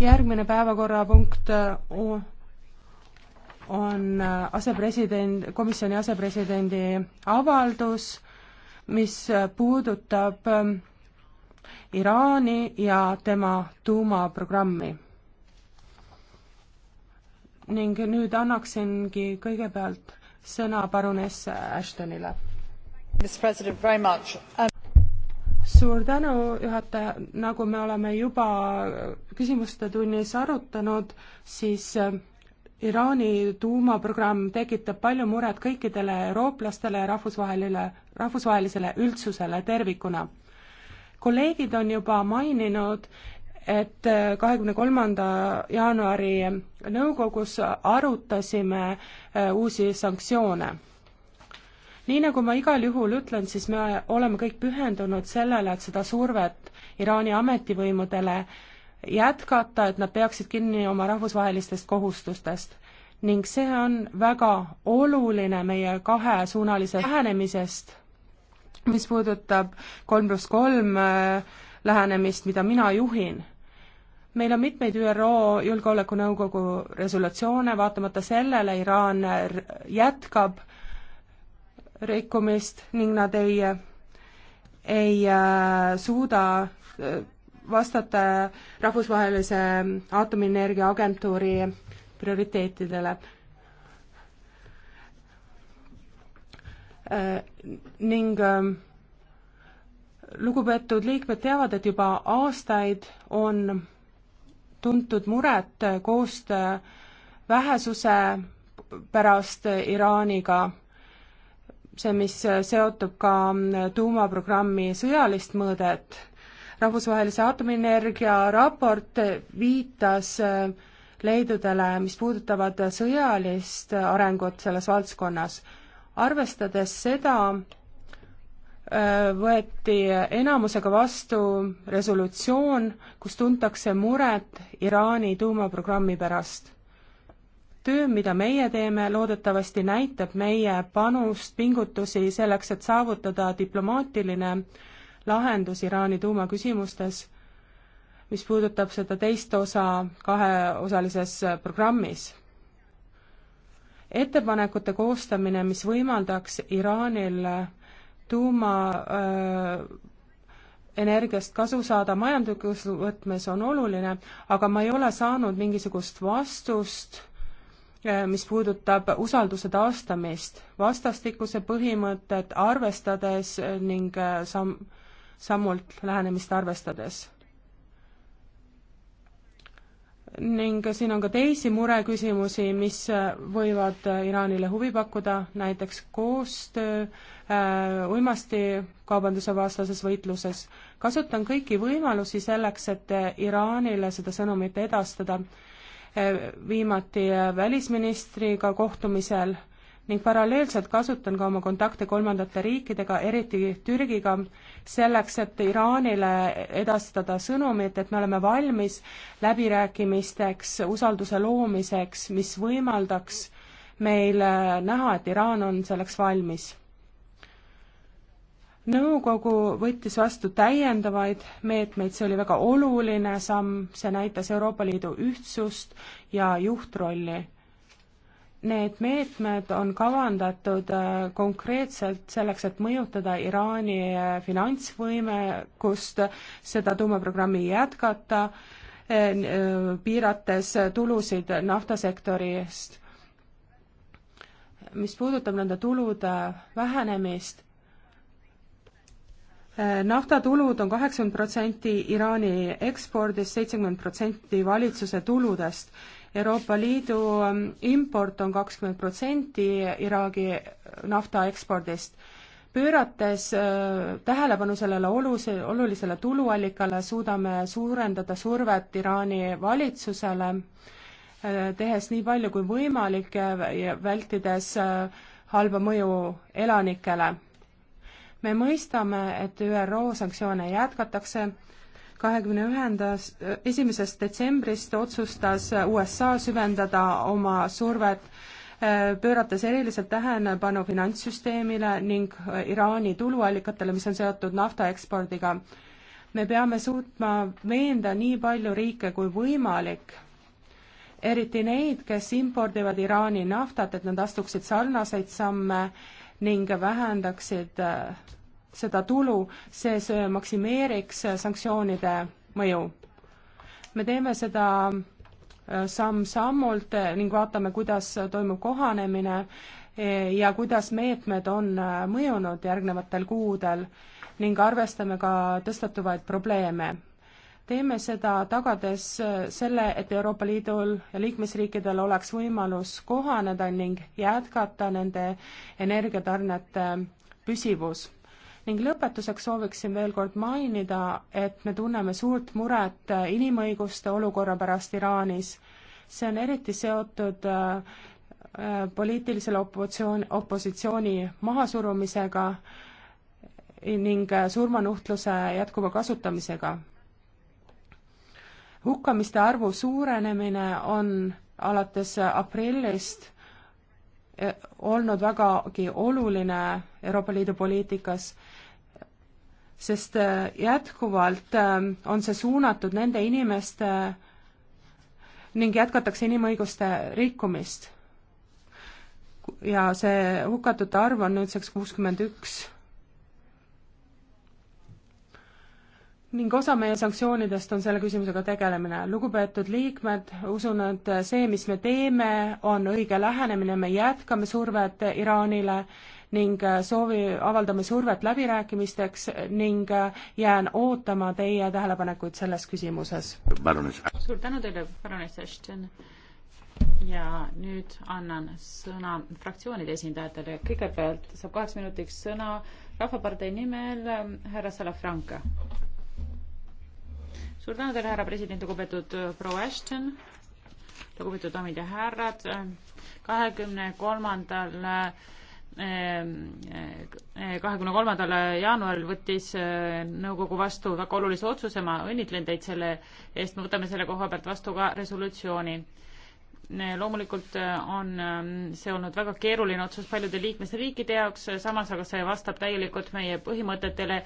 järgmine päevakorrapunkt äh, on äh, asepresident, komisjoni asepresidendi avaldus, mis äh, puudutab ähm, Iraani ja tema tuumaprogrammi. ning nüüd annaksingi kõigepealt sõna paruness Ashtonile. Mr President, very much um suur tänu, juhataja, nagu me oleme juba küsimuste tunnis arutanud, siis äh, Iraani tuumaprogramm tekitab palju muret kõikidele eurooplastele ja rahvusvaheline, rahvusvahelisele üldsusele tervikuna. kolleegid on juba maininud, et äh, kahekümne kolmanda jaanuari nõukogus arutasime äh, uusi sanktsioone nii nagu ma igal juhul ütlen, siis me oleme kõik pühendunud sellele, et seda survet Iraani ametivõimudele jätkata, et nad peaksid kinni oma rahvusvahelistest kohustustest. ning see on väga oluline meie kahesuunalise lähenemisest, mis puudutab kolm pluss kolm äh, lähenemist, mida mina juhin meil on mitmeid ÜRO Julgeolekunõukogu resolutsioone, vaatamata sellele Iraan jätkab rikkumist ning nad ei, ei äh, suuda äh, vastata rahvusvahelise aatomienergia agentuuri prioriteetidele. Äh, ning ähm, lugupeetud liikmed teavad, et juba aastaid on tuntud muret koostöö vähesuse pärast Iraaniga see, mis seotub ka tuumaprogrammi sõjalist mõõdet. rahvusvahelise aatomienergia raport viitas leidudele, mis puudutavad sõjalist arengut selles valdkonnas. arvestades seda, äh, võeti enamusega vastu resolutsioon, kus tuntakse muret Iraani tuumaprogrammi pärast töö, mida meie teeme, loodetavasti näitab meie panust, pingutusi selleks, et saavutada diplomaatiline lahendus Iraani tuumaküsimustes, mis puudutab seda teist osa kaheosalises programmis. ettepanekute koostamine, mis võimaldaks Iraanil tuuma öö, äh, energiast kasu saada majanduslikus võtmes on oluline, aga ma ei ole saanud mingisugust vastust Äh, mis puudutab usalduse taastamist, vastastikuse põhimõtet arvestades ning äh, samm, sammult lähenemist arvestades. ning siin on ka teisi mureküsimusi, mis äh, võivad Iraanile huvi pakkuda, näiteks koostöö äh, uimastikaubanduse vastases võitluses. kasutan kõiki võimalusi selleks, et Iraanile seda sõnumit edastada viimati välisministriga kohtumisel ning paralleelselt kasutan ka oma kontakte kolmandate riikidega, eriti Türgiga, selleks, et Iraanile edastada sõnumit, et me oleme valmis läbirääkimisteks, usalduse loomiseks, mis võimaldaks meil näha, et Iraan on selleks valmis nõukogu võttis vastu täiendavaid meetmeid, see oli väga oluline samm, see näitas Euroopa Liidu ühtsust ja juhtrolli. Need meetmed on kavandatud äh, konkreetselt selleks, et mõjutada Iraani äh, finantsvõimekust, seda tuumaprogrammi jätkata, äh, piirates tulusid naftasektori eest. mis puudutab nende tulude vähenemist, Äh, naftatulud on kaheksakümmend protsenti Iraani ekspordist, seitsekümmend protsenti valitsuse tuludest. Euroopa Liidu ähm, import on kakskümmend protsenti Iraagi äh, nafta ekspordist. pöörates äh, tähelepanu sellele oluse, olulisele tuluallikale, suudame suurendada survet Iraani valitsusele, tehes nii palju kui võimalik ja vältides halba mõju elanikele me mõistame, et ÜRO sanktsioone jätkatakse, kahekümne ühendas, esimesest detsembrist otsustas USA süvendada oma survet, äh, pöörates eriliselt tähelepanu finantssüsteemile ning äh, Iraani tuluallikatele, mis on seotud nafta ekspordiga. me peame suutma veenda nii palju riike kui võimalik, eriti neid, kes impordivad Iraani naftat, et nad astuksid sarnaseid samme ning vähendaksid äh, seda tulu, see maksimeeriks äh, sanktsioonide mõju. me teeme seda äh, samm-sammult ning vaatame, kuidas toimub kohanemine ja kuidas meetmed on mõjunud järgnevatel kuudel ning arvestame ka tõstatuvaid probleeme teeme seda tagades äh, selle, et Euroopa Liidul ja liikmesriikidel oleks võimalus kohaneda ning jätkata nende energiatarnete äh, püsivus ning lõpetuseks sooviksin veel kord mainida, et me tunneme suurt muret äh, inimõiguste olukorra pärast Iraanis. see on eriti seotud poliitilisele opositsioon, opositsiooni mahasurumisega ning surmanuhtluse jätkuva kasutamisega hukkamiste arvu suurenemine on alates aprillist eh, olnud vägagi oluline Euroopa Liidu poliitikas, sest eh, jätkuvalt eh, on see suunatud nende inimeste ning jätkatakse inimõiguste rikkumist. ja see hukatute arv on nüüdseks kuuskümmend üks ning osa meie sanktsioonidest on selle küsimusega tegelemine. lugupeetud liikmed, usun, et see, mis me teeme, on õige lähenemine, me jätkame survet Iraanile ning äh, soovi, avaldame survet läbirääkimisteks ning äh, jään ootama teie tähelepanekuid selles küsimuses. suur tänu teile, baroness Ashton. ja nüüd annan sõna fraktsioonide esindajatele. kõigepealt saab kaheks minutiks sõna Rahvapartei nimel ähm, härra Salafranca suur tänu teile, härra president, lugupeetud äh, proua Ashton, lugupeetud daamid ja härrad. Äh, kahekümne kolmandal, äh, kahekümne kolmandal jaanuaril võttis nõukogu vastu väga olulise otsuse, ma õnnitlen teid selle eest, me võtame selle koha pealt vastu ka resolutsiooni loomulikult on ähm, see olnud väga keeruline otsus paljude liikmesriikide jaoks, samas aga see vastab täielikult meie põhimõtetele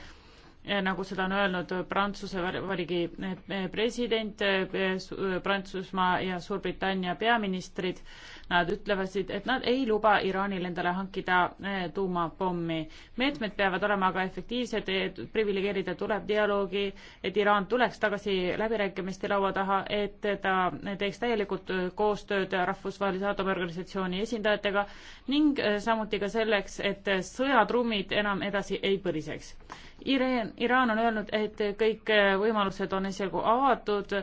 Eh, nagu seda on öelnud Prantsuse Vabariigi eh, president, eh, Prantsusmaa ja Suurbritannia peaministrid Nad ütlevasid, et nad ei luba Iraanil endale hankida eh, tuumapommi. meetmed peavad olema aga efektiivsed, priviligeerida tuleb dialoogi, et Iraan tuleks tagasi läbirääkimiste laua taha, et ta teeks täielikult eh, koostööd rahvusvahelise aatomorganisatsiooni esindajatega ning eh, samuti ka selleks, et sõjatrummid enam edasi ei põliseks. Iraan on öelnud, et kõik võimalused on esialgu avatud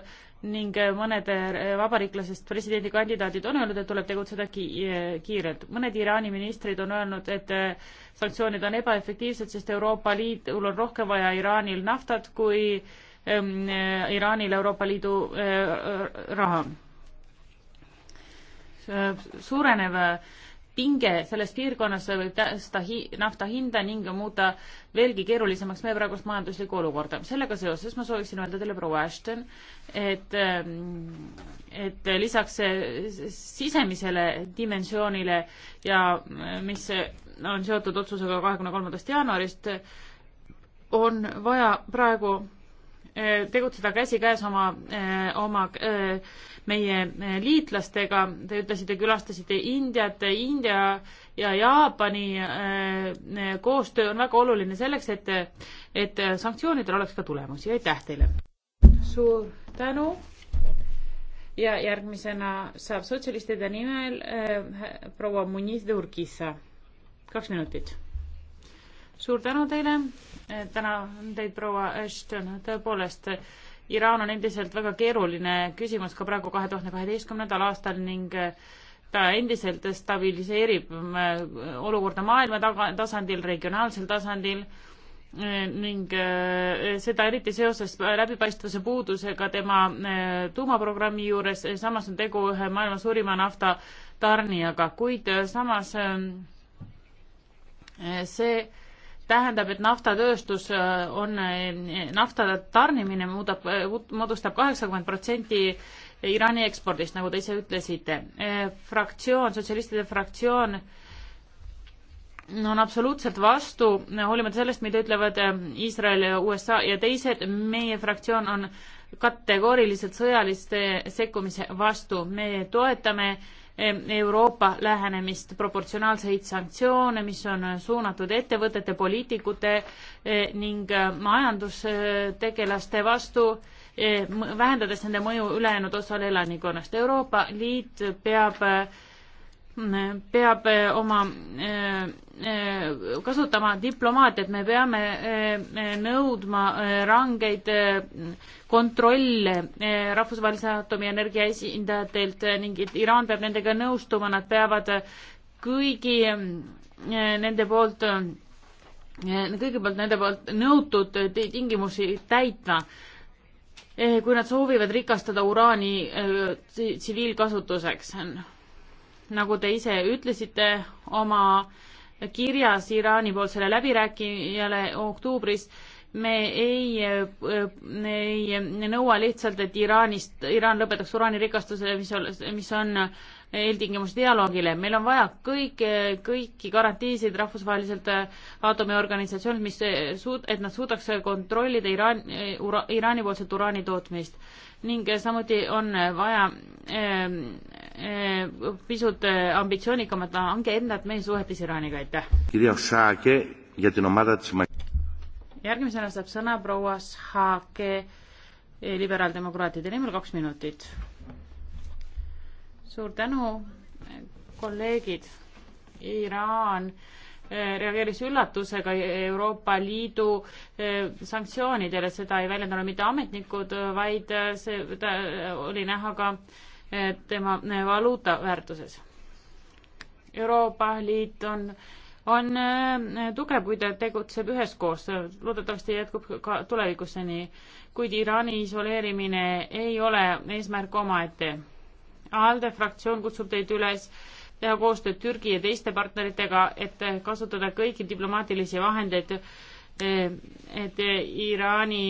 ning mõned eh, vabariiklasest presidendikandidaadid on öelnud, et tuleb tegutseda eh, kiirelt. mõned Iraani ministrid on öelnud, et eh, sanktsioonid on ebaefektiivsed, sest Euroopa Liidul on rohkem vaja Iraanil naftat kui ähm, Iraanil Euroopa Liidu äh, raha. suurenev äh, pinge selles piirkonnas võib tõsta hi-, nafta hinda ning muuta veelgi keerulisemaks meie praegust majanduslikku olukorda. sellega seoses ma sooviksin öelda teile, proua Ashton, et, ähm, et lisaks sisemisele dimensioonile ja äh, mis on seotud otsusega kahekümne kolmandast jaanuarist, on vaja praegu äh, tegutseda käsikäes oma, äh, oma öö, meie eh, liitlastega, te ütlesite, külastasite Indiat, India ja Jaapani eh, eh, koostöö on väga oluline selleks, et, et sanktsioonidel oleks ka tulemusi, aitäh teile! suur tänu ja järgmisena saab sotsialistide nimel äh, proua Muniz de Urquiza, kaks minutit. suur tänu teile, tänan teid, proua Ashton, tõepoolest äh, Iraan on endiselt väga keeruline küsimus ka praegu kahe tuhande kaheteistkümnendal aastal ning äh, ta endiselt stabiliseerib äh, olukorda maailma taga, tasandil, regionaalsel tasandil äh, ning seda eriti seoses läbipaistvuse puudusega tema tuumaprogrammi juures, samas on tegu ühe maailma suurima naftatarnijaga, kuid samas see tähendab, et naftatööstus äh, on, äh, nafta tarnimine muudab, äh, moodustab kaheksakümmend protsenti Iraani ekspordist, nagu te ise ütlesite. fraktsioon, sotsialistide fraktsioon on absoluutselt vastu, hoolimata sellest, mida ütlevad Iisrael ja USA ja teised, meie fraktsioon on kategooriliselt sõjaliste sekkumise vastu. me toetame äh, Euroopa lähenemist, proportsionaalseid sanktsioone, mis on äh, suunatud ettevõtete, poliitikute äh, ning äh, majandustegelaste vastu, vähendades nende mõju ülejäänud osale elanikkonnast. Euroopa Liit peab, peab oma Äh, kasutama diplomaatiat, me peame äh, nõudma äh, rangeid kontrolle rahvusvahelise atomienergia esindajatelt ning Iraan peab nendega nõustuma, nad peavad kõigi nende poolt, kõigepealt nende poolt nõutud tingimusi täitma. kui nad soovivad rikastada uraani tsiviilkasutuseks, nagu te ise ütlesite oma äh, kirjas Iraani-poolsele läbirääkijale oktoobris me ei, ei nõua lihtsalt, et Iraanist, Iraan lõpetaks uraanirikastuse, mis on, mis on eeltingimus dialoogile. meil on vaja kõik, kõiki garantiisid rahvusvaheliselt aatomiorganisatsioonilt, mis suud-, et nad suudaks kontrollida Iraan, ura-, Iraani poolset uraani tootmist. ning samuti on vaja Eh, pisut eh, ambitsioonikamat hange endalt meie suhetes Iraaniga, aitäh! järgmisena saab sõna proua Shake eh, liberaaldemokraatide nimel, kaks minutit. suur tänu, kolleegid. Iraan reageeris üllatusega Euroopa Liidu sanktsioonidele, seda ei väljendanud mitte ametnikud, vaid see, ta oli näha ka äh, tema eh, valuuta väärtuses. Euroopa Liit on, on eh, tugev, kui ta tegutseb üheskoos, loodetavasti jätkub ka tulevikus seni, kuid Iraani isoleerimine ei ole eesmärk omaette. ALDE fraktsioon kutsub teid üles teha koostööd Türgi ja teiste partneritega, et kasutada kõiki diplomaatilisi vahendeid, eh, et Iraani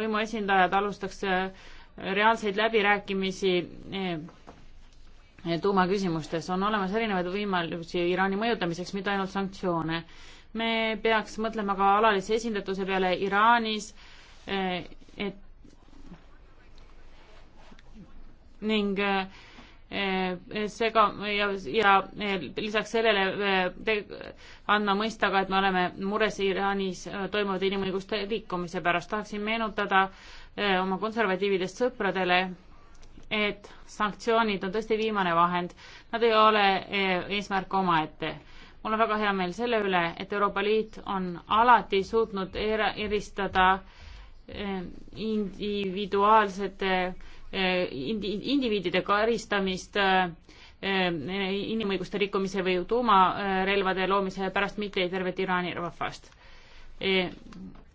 võimuesindajad alustaks reaalseid läbirääkimisi eh, tuumaküsimustes. on olemas erinevaid võimalusi Iraani mõjutamiseks, mitte ainult sanktsioone. me peaks mõtlema ka alalise esindatuse peale Iraanis, eh, et ning eh, seega ja, ja lisaks sellele te, andma mõista ka, et me oleme mures Iraanis toimuvate inimõiguste liikumise pärast. tahaksin meenutada äh, Eh, oma konservatiividest sõpradele, et sanktsioonid on tõesti viimane vahend, nad ei ole eh, eesmärk omaette. mul on väga hea meel selle üle, et Euroopa Liit on alati suutnud era-, eristada eh, individuaalsete indi, indiviidide karistamist inimõiguste rikkumise või tuumarelvade loomise pärast mitte tervet Iraani rahvast E,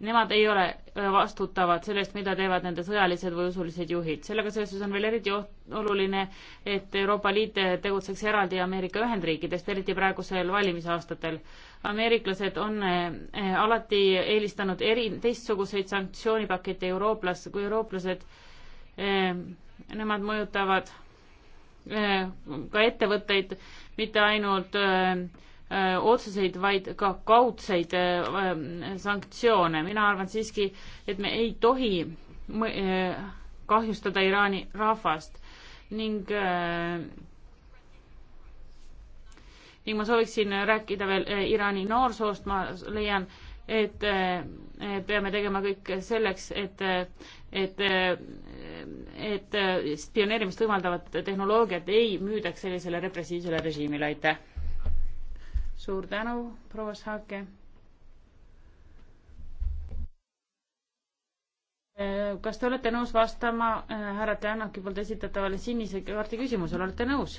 nemad ei ole äh, vastutavad sellest, mida teevad nende sõjalised või usulised juhid. sellega seoses on veel eriti oluline, et Euroopa Liit äh, tegutseks eraldi Ameerika Ühendriikidest, eriti praegusel valimisaastatel. ameeriklased on äh, alati eelistanud eri, teistsuguseid sanktsioonipakette eurooplas-, kui eurooplased. Nemad mõjutavad ka ettevõtteid, mitte ainult äh, Äh, otseseid, vaid ka kaudseid äh, ähm, sanktsioone. mina arvan siiski, et me ei tohi äh, kahjustada Iraani rahvast ning ning ma sooviksin rääkida veel Iraani noorsoost, ma leian, et peame tegema kõik selleks, et, et, et spioneerimist võimaldavat tehnoloogiat ei müüdaks sellisele repressiivsele režiimile, aitäh suur tänu, proua Saake. Äh, kas te olete nõus vastama äh, härra Tänaki poolt esitatavale sinise kaardi küsimusele, olete nõus?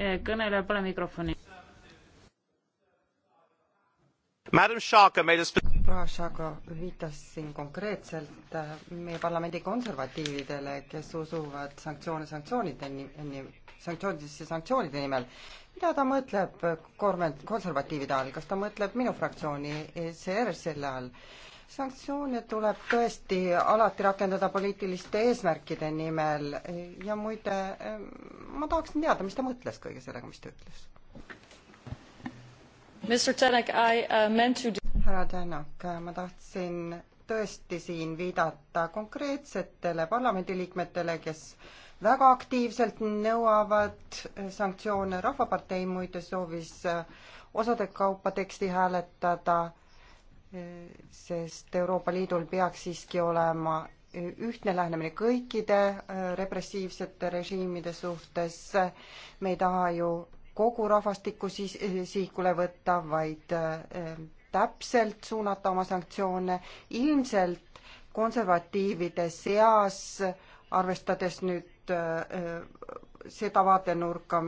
Äh, kõnelejal pole mikrofoni. proua Šaga viitas siin konkreetselt meie parlamendi konservatiividele, kes usuvad sanktsioone sanktsioonide, sanktsioonidesse sanktsioonide nimel mida ta mõtleb kormelt, konservatiivide all, kas ta mõtleb minu fraktsiooni ECR selle all? sanktsioone tuleb tõesti alati rakendada poliitiliste eesmärkide nimel ja muide, ma tahaksin teada, mis ta mõtles kõige sellega, mis ta ütles. Uh, härra Tänak, ma tahtsin tõesti siin viidata konkreetsetele parlamendiliikmetele, kes väga aktiivselt nõuavad sanktsioone, Rahvapartei muide soovis äh, osade kaupa teksti hääletada, äh, sest Euroopa Liidul peaks siiski olema äh, ühtne lähenemine kõikide repressiivsete režiimide suhtes, me ei taha ju kogu rahvastikku siis sihikule võtta, vaid täpselt suunata oma sanktsioone, ilmselt konservatiivide seas, arvestades nüüd ainult äh, seda vaatenurka,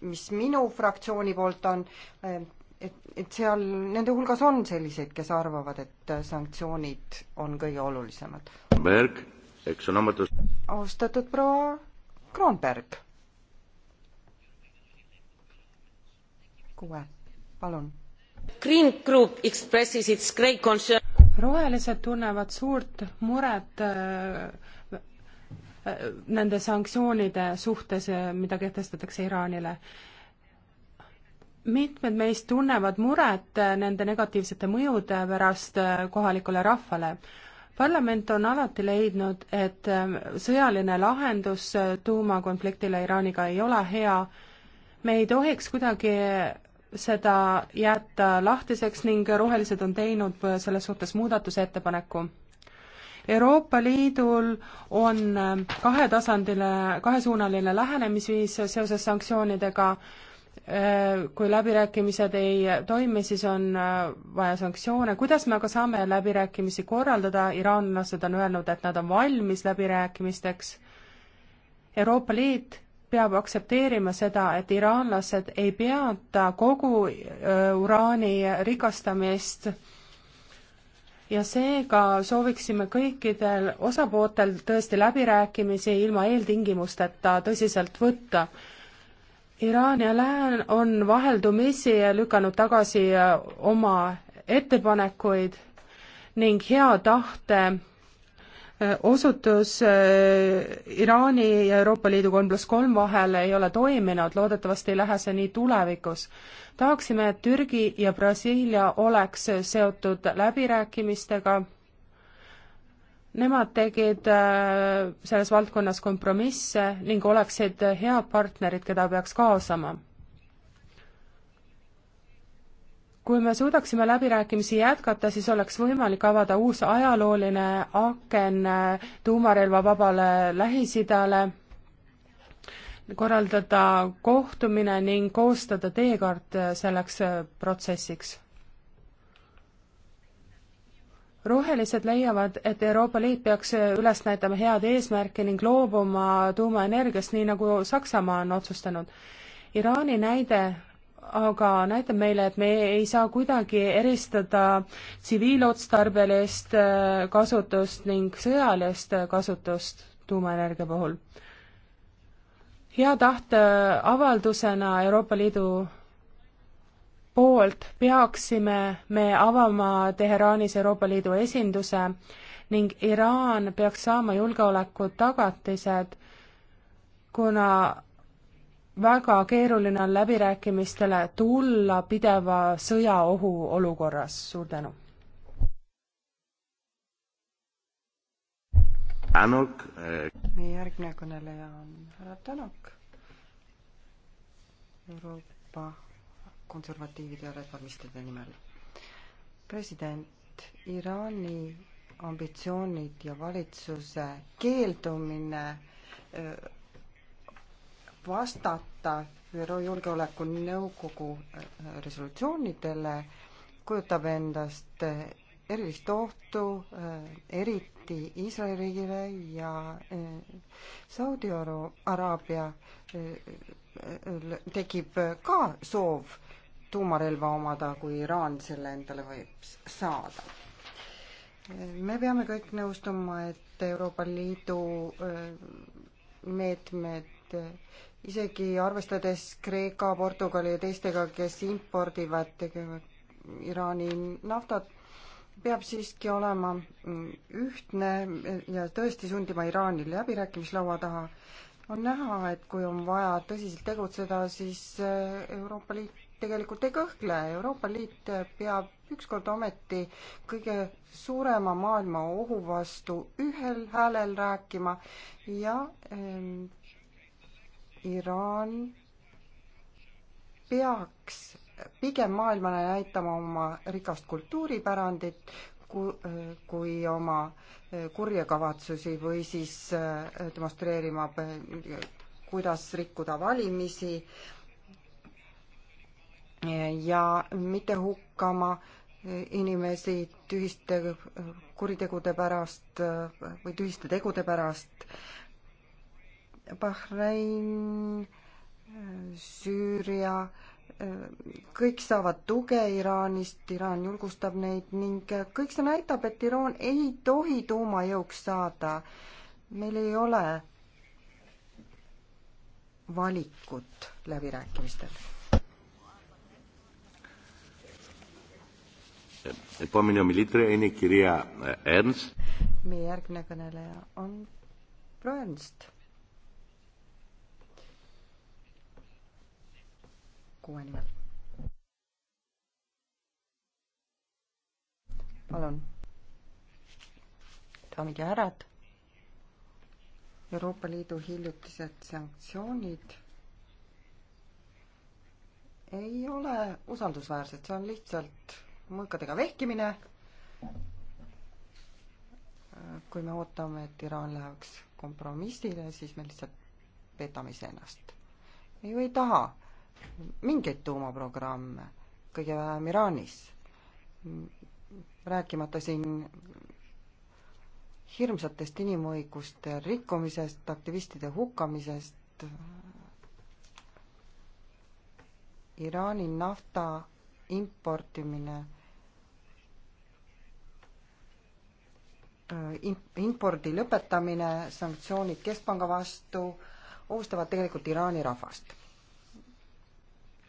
mis minu fraktsiooni poolt on, et, et seal nende hulgas on selliseid, kes arvavad, et sanktsioonid on kõige olulisemad. Berg, eks on omadus. austatud proua Kroonberg. kuue, palun. Green Group expresses its great concern rohelised tunnevad suurt muret äh, Äh, nende sanktsioonide suhtes, äh, mida kehtestatakse Iraanile. mitmed meist tunnevad muret äh, nende negatiivsete mõjude pärast kohalikule rahvale. parlament on alati leidnud, et sõjaline lahendus tuumakonfliktile Iraaniga ei ole hea. me ei tohiks kuidagi seda jätta lahtiseks ning rohelised on teinud selles suhtes muudatusettepaneku Euroopa Liidul on ähm, kahetasandile, kahesuunaline lähenemisviis seoses sanktsioonidega, äh, kui läbirääkimised ei toimi, siis on äh, vaja sanktsioone, kuidas me aga saame läbirääkimisi korraldada, iraanlased on öelnud, et nad on valmis läbirääkimisteks, Euroopa Liit peab aktsepteerima seda, et iraanlased ei peata kogu äh, uraani rikastamist ja seega sooviksime kõikidel osapooltel tõesti läbirääkimisi ilma eeltingimusteta tõsiselt võtta. Iraan ja Lääne on vaheldumisi lükanud tagasi oma ettepanekuid ning hea tahte osutus äh, Iraani ja Euroopa Liidu kolm pluss kolm vahel ei ole toiminud, loodetavasti ei lähe see nii tulevikus. tahaksime, et Türgi ja Brasiilia oleks seotud läbirääkimistega, nemad tegid äh, selles valdkonnas kompromisse ning oleksid head partnerid, keda peaks kaasama kui me suudaksime läbirääkimisi jätkata, siis oleks võimalik avada uus ajalooline aken äh, tuumarelvavabale Lähis-Idale, korraldada kohtumine ning koostada teekaart äh, selleks äh, protsessiks. rohelised leiavad, et Euroopa Liit peaks üles näitama head eesmärki ning loobuma tuumaenergiast, nii nagu Saksamaa on otsustanud. Iraani näide aga näitab meile, et me ei saa kuidagi eristada tsiviilotstarbelist äh, kasutust ning sõjalist äh, kasutust tuumaenergia puhul. hea tahte äh, avaldusena Euroopa Liidu poolt peaksime me avama Teheraanis Euroopa Liidu esinduse ning Iraan peaks saama julgeolekutagatised, kuna väga keeruline on läbirääkimistele tulla pideva sõjaohu olukorras, suur tänu. Tänuk. Eh, meie järgmine kõneleja on härra Tänuk, Euroopa konservatiivide ja reformistide nimel. president, Iraani ambitsioonid ja valitsuse keeldumine öö, eh, vastata ÜRO Julgeolekunõukogu äh, resolutsioonidele, kujutab endast äh, erilist ohtu äh, eriti Iisraeli riigile ja Saudi Araabia tekib ka soov tuumarelva omada, kui Iraan selle endale võib saada. me peame kõik nõustuma, et Euroopa Liidu meetmed isegi arvestades Kreeka, Portugali ja teistega, kes impordivad, tegevad Iraani naftat, peab siiski olema mm, ühtne ja tõesti sundima Iraani läbirääkimislaua taha. on näha, et kui on vaja tõsiselt tegutseda, siis äh, Euroopa Liit tegelikult ei kõhkle, Euroopa Liit peab ükskord ometi kõige suurema maailma ohu vastu ühel häälel rääkima ja ähm, Iraan peaks pigem maailmale näitama oma rikast kultuuripärandit kui oma eh, kurje kavatsusi või siis eh, demonstreerima, kuidas rikkuda valimisi ja mitte hukkama eh, inimesi tühiste kuritegude pärast või tühiste tegude pärast Bahrein, äh, Süüria, äh, kõik saavad tuge Iraanist, Iraan julgustab neid ning äh, kõik see näitab, et Iraan ei tohi tuumajõuks saada. meil ei ole valikut läbirääkimistel. meie järgmine kõneleja on proua Ernst kuue nimel. palun. daamid ja härrad. Euroopa Liidu hiljutised sanktsioonid ei ole usaldusväärsed, see on lihtsalt mõõkadega vehkimine. kui me ootame, et Iraan läheks kompromissile, siis me lihtsalt petame iseennast. me ju ei taha mingeid tuumaprogramme, kõige vähem Iraanis. rääkimata siin hirmsatest inimõiguste rikkumisest, aktivistide hukkamisest, Iraani nafta importimine äh, impordi lõpetamine, sanktsioonid keskpanga vastu ohustavad tegelikult Iraani rahvast.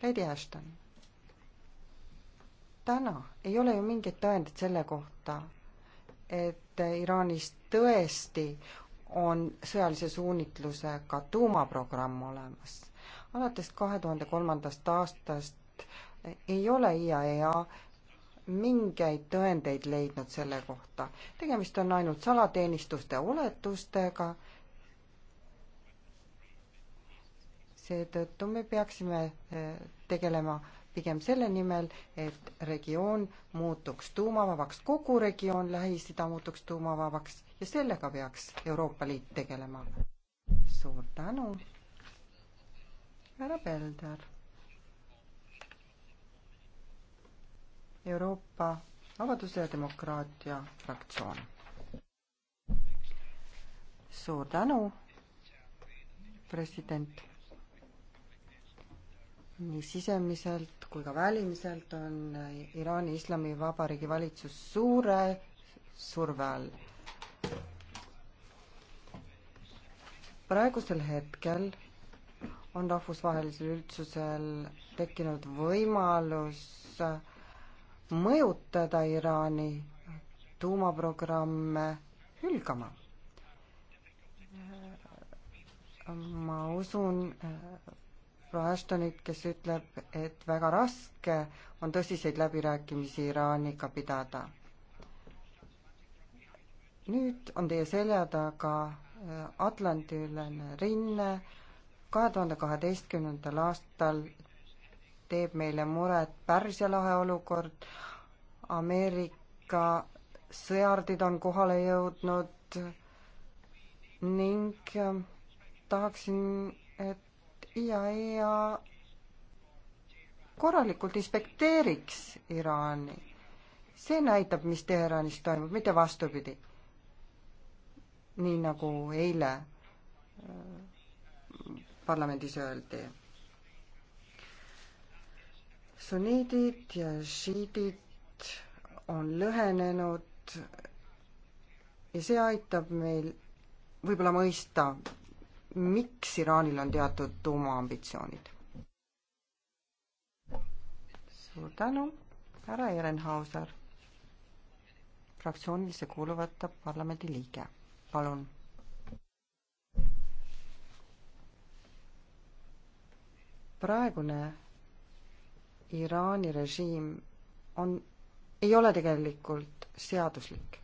Lady Ashton, täna ei ole ju mingeid tõendeid selle kohta, et Iraanis tõesti on sõjalise suunitlusega tuumaprogramm olemas. alates kahe tuhande kolmandast aastast ei ole IAEA e mingeid tõendeid leidnud selle kohta. tegemist on ainult salateenistuste oletustega seetõttu me peaksime eh, tegelema pigem selle nimel, et regioon muutuks tuumavabaks, kogu regioon Lähis-Ida muutuks tuumavabaks ja sellega peaks Euroopa Liit tegelema. suur tänu, härra Pelder. Euroopa Vabaduse ja Demokraatia fraktsioon. suur tänu, president nii sisemiselt kui ka välimiselt on Iraani Islamivabariigi valitsus suure surve all. praegusel hetkel on rahvusvahelisel üldsusel tekkinud võimalus mõjutada Iraani tuumaprogramme hülgama. ma usun, proua Ashtonit, kes ütleb, et väga raske on tõsiseid läbirääkimisi Iraaniga pidada. nüüd on teie selja taga äh, Atlandi-ülene rinne, kahe tuhande kaheteistkümnendal aastal teeb meile muret Pärsia lahe olukord, Ameerika sõjardid on kohale jõudnud ning äh, tahaksin, et IAEA korralikult inspekteeriks Iraani. see näitab, mis Teheranis toimub, mitte vastupidi. nii nagu eile äh, parlamendis öeldi. sunniidid ja šiidid on lõhenenud ja see aitab meil võib-olla mõista miks Iraanil on teatud tuumaambitsioonid? suur tänu, härra Ehrenhauser, fraktsioonilise kuuluvate parlamendiliige, palun. praegune Iraani režiim on, ei ole tegelikult seaduslik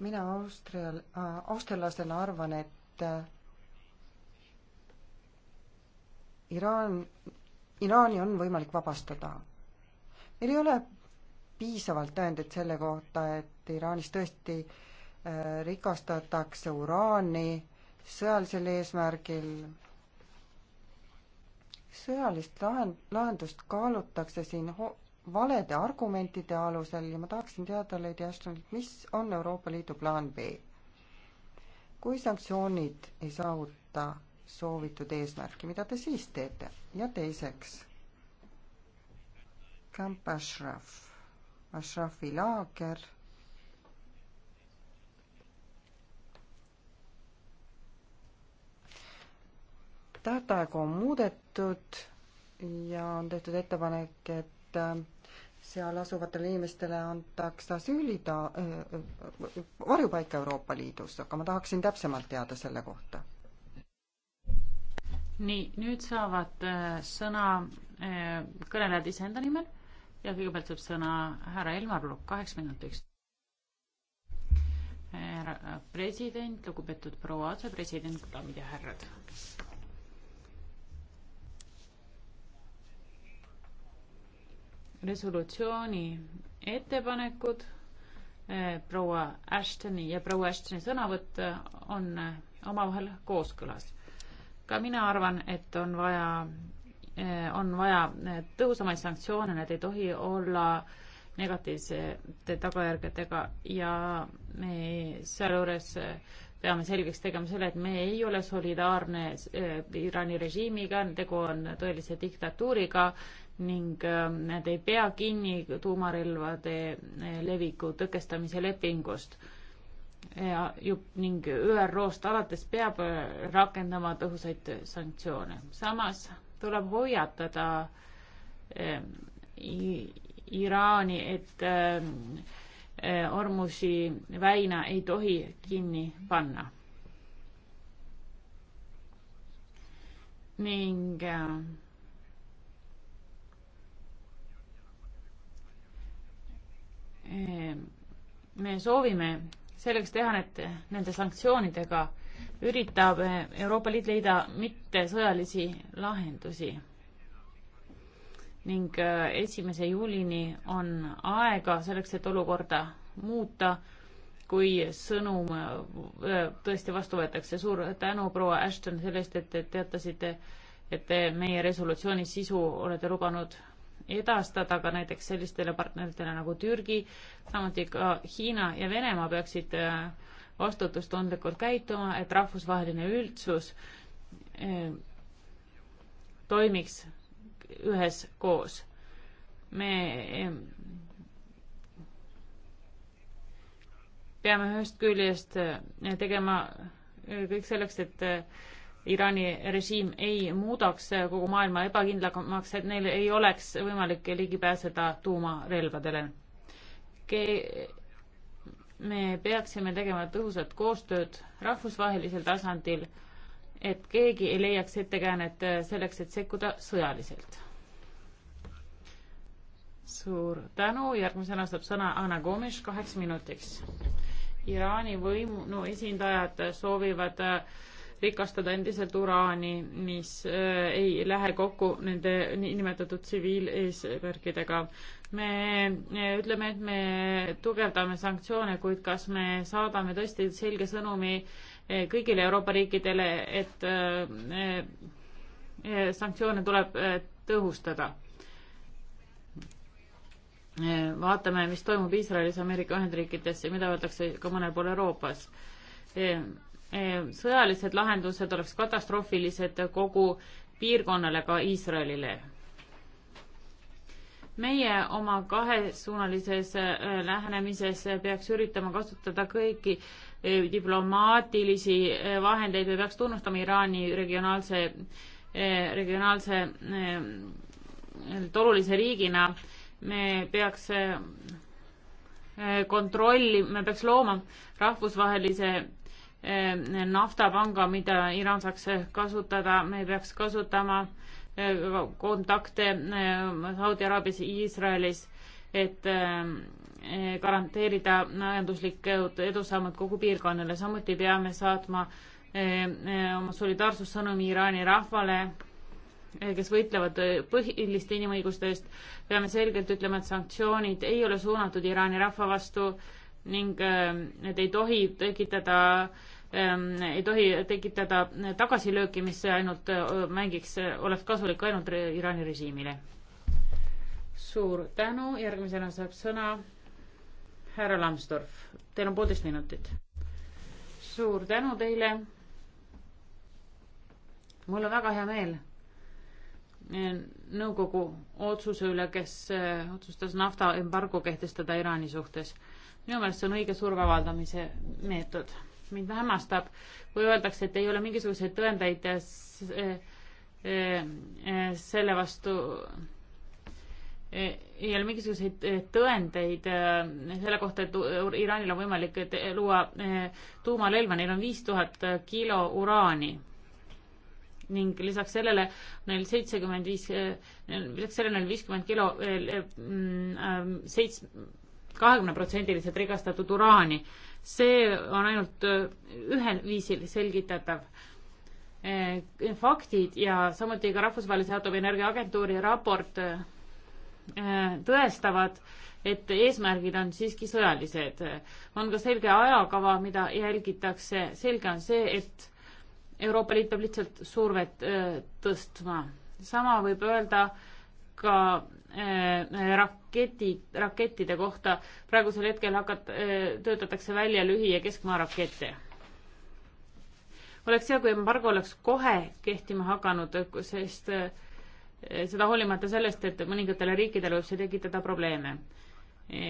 mina Austrial, äh, austriallasena arvan, et äh, Iraan, Iraani on võimalik vabastada. meil ei ole piisavalt tõendeid selle kohta, et Iraanis tõesti äh, rikastatakse uraani sõjalisel eesmärgil. sõjalist lahend-, lahendust kaalutakse siin ho-, valede argumentide alusel ja ma tahaksin teada, Lady Ashton, mis on Euroopa Liidu plaan B? kui sanktsioonid ei saavuta soovitud eesmärki, mida te siis teete? ja teiseks, Camp Ashraf, Ashrafi laager tähtaegu on muudetud ja on tehtud ettepanek, et et äh, seal asuvatele inimestele antaks asüüli ta äh,, varjupaika Euroopa Liidus, aga ma tahaksin täpsemalt teada selle kohta. nii, nüüd saavad äh, sõna äh, kõnelejad iseenda nimel ja kõigepealt saab sõna härra Elmar Lukk, kaheks minutiks. härra president, lugupeetud proua asepresident, daamid ja härrad resolutsiooni ettepanekud, eh, proua Ashtoni ja proua Ashtoni sõnavõtt eh, on eh, omavahel kooskõlas. ka mina arvan, et on vaja, on vaja tõhusamaid sanktsioone, need ei tohi olla negatiivsete tagajärgedega ja me sealjuures peame selgeks tegema selle, et me ei ole solidaarne Iraani režiimiga, tegu on tõelise diktatuuriga ning ähm, nad ei pea kinni tuumarelvade äh, leviku tõkestamise lepingust. ja ju- ning ÜRO-st alates peab äh, rakendama tõhusaid sanktsioone. samas tuleb hoiatada ähm, Iraani, et ähm, Ormusi väina ei tohi kinni panna. ning Ehm, me soovime selleks teha need, nende sanktsioonidega üritab eh, Euroopa Liit leida mittesõjalisi lahendusi. ning eh, esimese juulini on aega selleks, et olukorda muuta, kui sõnum eh, tõesti vastu võetakse. suur tänu, proua Ashton, selle eest, et te teatasite, et te meie resolutsiooni sisu olete lubanud edastada ka näiteks sellistele partneritele nagu Türgi, samuti ka Hiina ja Venemaa peaksid äh, vastutustundlikult käituma, et rahvusvaheline üldsus äh, toimiks üheskoos. me äh, peame ühest küljest tegema kõik selleks, et Iraani režiim ei muudaks kogu maailma ebakindlamaks, et neil ei oleks võimalik ligi pääseda tuumarelvadele. me peaksime tegema tõhusat koostööd rahvusvahelisel tasandil, et keegi ei leiaks ettekäänet selleks, et sekkuda sõjaliselt. suur tänu, järgmisena saab sõna Anna Gomes kaheks minutiks. Iraani võimu no, esindajad soovivad äh, rikastada endiselt uraani, mis äh, ei lähe kokku nende niinimetatud tsiviileesmärkidega. me ütleme, et me tugevdame sanktsioone, kuid kas me saadame tõesti selge sõnumi äh, kõigile Euroopa riikidele, et äh, sanktsioone tuleb tõhustada vaatame, mis toimub Iisraelis, Ameerika Ühendriikides ja mida öeldakse ka mõnel pool Euroopas. Ehm, sõjalised lahendused oleks katastroofilised kogu piirkonnale, ka Iisraelile. meie oma kahesuunalises äh, lähenemises peaks üritama kasutada kõiki äh, diplomaatilisi äh, vahendeid või peaks tunnustama Iraani regionaalse, regionaalse olulise riigina. me peaks kontrolli, me peaks looma rahvusvahelise Eh, naftapanga, mida Iraan saaks kasutada, me peaks kasutama eh, kontakte eh, Saudi Araabias, Iisraelis, et garanteerida majanduslikud edusammud kogu piirkonnale, samuti peame saatma oma solidaarsussõnumi Iraani rahvale, kes võitlevad põhiliste inimõiguste eest, peame selgelt ütlema, et sanktsioonid ei ole suunatud Iraani rahva vastu ning need ei tohi tekitada äh, Ähm, ei tohi tekitada tagasilööki, mis ainult äh, mängiks, äh, oleks kasulik ainult Iraani režiimile. suur tänu, järgmisena saab sõna härra Lambsdorff, teil on poolteist minutit. suur tänu teile. mul on väga hea meel äh, nõukogu otsuse üle, kes otsustas naftaembargo kehtestada Iraani suhtes. minu meelest see on õige surve avaldamise meetod mind hämmastab, kui öeldakse, et ei ole mingisuguseid tõendeid äh, äh, äh, selle vastu, ei ole mingisuguseid tõendeid selle kohta, et Iraanil on võimalik luua tuumarelva, neil on viis tuhat kilo uraani ning lisaks sellele neil seitsekümmend viis, lisaks sellele neil viiskümmend kilo mm, seits-, kahekümneprotsendiliselt rikastatud uraani see on ainult äh, ühel viisil selgitatav. Äh, faktid ja samuti ka Rahvusvahelise Atomienergia Agentuuri raport äh, tõestavad, et eesmärgid on siiski sõjalised. on ka selge ajakava, mida jälgitakse, selge on see, et Euroopa Liit peab lihtsalt survet tõstma. sama võib öelda ka Äh, äh, raketid, rakettide kohta. praegusel hetkel hakat-, äh, töötatakse välja lühi- ja keskmaa rakette. oleks hea, kui embargo oleks kohe kehtima hakanud, sest seda hoolimata sellest, et mõningatele riikidele võib see tekitada probleeme. E,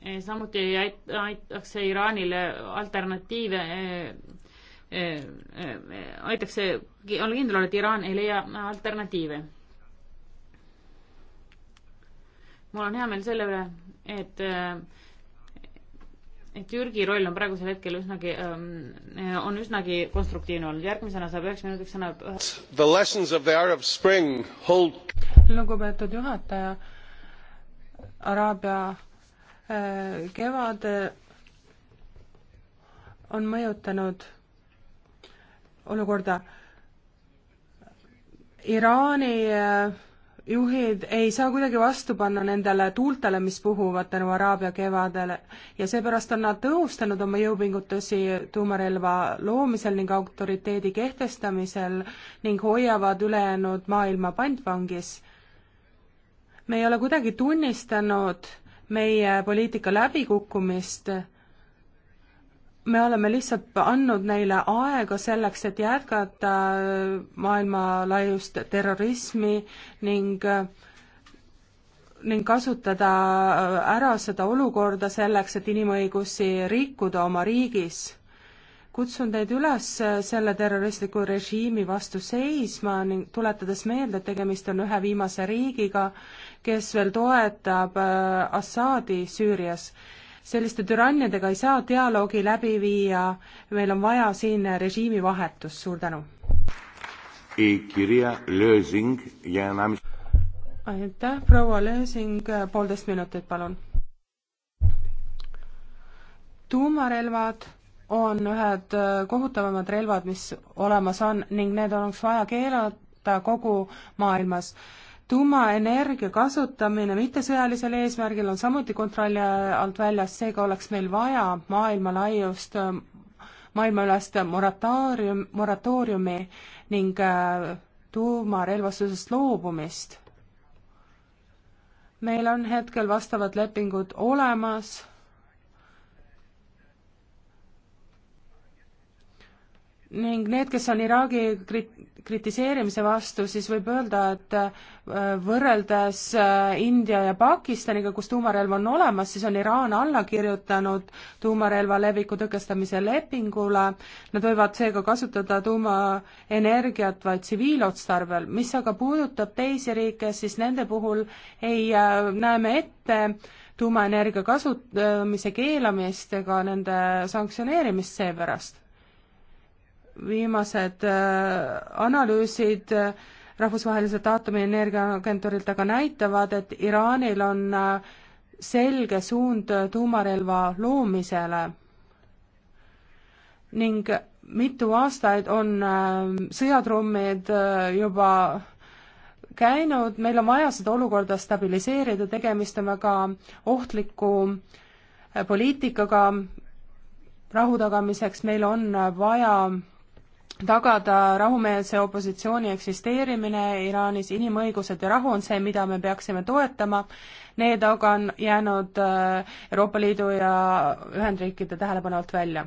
e, samuti aitaks see Iraanile alternatiive e, aitaks see, olla kindel, et Iraan ei leia alternatiive mul on hea meel selle üle, et äh, et Jürgi roll on praegusel hetkel üsnagi ähm,, äh, on üsnagi konstruktiivne olnud. järgmisena saab üheks minutiks sõna. lugupeetud juhataja, Araabia äh, kevad äh, on mõjutanud olukorda. Iraani äh, juhid ei saa kuidagi vastu panna nendele tuultele, mis puhuvad tänu Araabia kevadele ja seepärast on nad tõhustanud oma jõupingutusi tuumarelva loomisel ning autoriteedi kehtestamisel ning hoiavad ülejäänud maailma pantvangis. me ei ole kuidagi tunnistanud meie poliitika läbikukkumist me oleme lihtsalt andnud neile aega selleks, et jätkata äh, maailmalaiust terrorismi ning äh, ning kasutada äh, ära seda olukorda selleks, et inimõigusi rikkuda oma riigis. kutsun teid üles selle terroristliku režiimi vastu seisma ning tuletades meelde, et tegemist on ühe viimase riigiga, kes veel toetab Assaadi Süürias selliste türanniadega ei saa dialoogi läbi viia, meil on vaja siin režiimi vahetust, suur tänu. E aitäh, proua Lösing, poolteist minutit, palun. tuumarelvad on ühed kohutavamad relvad, mis olemas on ning need oleks vaja keelata kogu maailmas tuumaenergia kasutamine mittesõjalisel eesmärgil on samuti kontrolli alt väljas, seega oleks meil vaja maailmalaiust, maailmaülest moratoorium, moratooriumi ning äh, tuumarelvastusest loobumist. meil on hetkel vastavad lepingud olemas ning need, kes on Iraagi krit-, kritiseerimise vastu, siis võib öelda, et äh, võrreldes äh, India ja Pakistaniga, kus tuumarelv on olemas, siis on Iraan alla kirjutanud tuumarelva leviku tõkestamise lepingule. Nad võivad seega kasutada tuumaenergiat vaid tsiviilotstarbel. mis aga puudutab teisi riike, siis nende puhul ei äh, näe me ette tuumaenergia kasutamise keelamist ega nende sanktsioneerimist seepärast viimased äh, analüüsid äh, rahvusvaheliselt aatomienergiaagentuurilt aga näitavad, et Iraanil on äh, selge suund tuumarelva loomisele ning mitu aastaid on sõjatrummid juba käinud, meil on vaja seda olukorda stabiliseerida, tegemist on väga ohtliku poliitikaga rahu tagamiseks, meil on vaja tagada rahumeelse opositsiooni eksisteerimine Iraanis, inimõigused ja rahu on see, mida me peaksime toetama, need aga on jäänud äh, Euroopa Liidu ja Ühendriikide tähelepanu alt välja.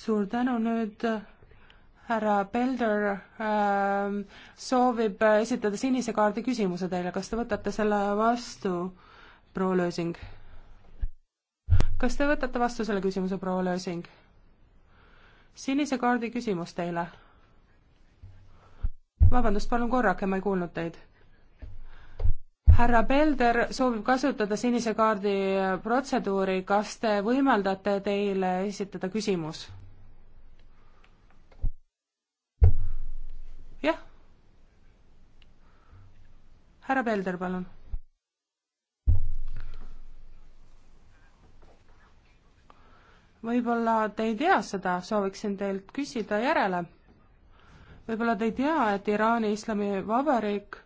suur tänu nüüd äh, härra Pelder ähm, äh, soovib esitada sinise kaardi küsimuse teile, kas te võtate selle vastu, proua Lösing? kas te võtate vastu selle küsimuse, proua Lösing? sinise kaardi küsimus teile. vabandust, palun korrake, ma ei kuulnud teid. härra Pelder soovib kasutada sinise kaardi protseduuri, kas te võimaldate teile esitada küsimus? jah. härra Pelder, palun võib-olla te ei tea seda, sooviksin teilt küsida järele. võib-olla te ei tea, et Iraani Islamivabariik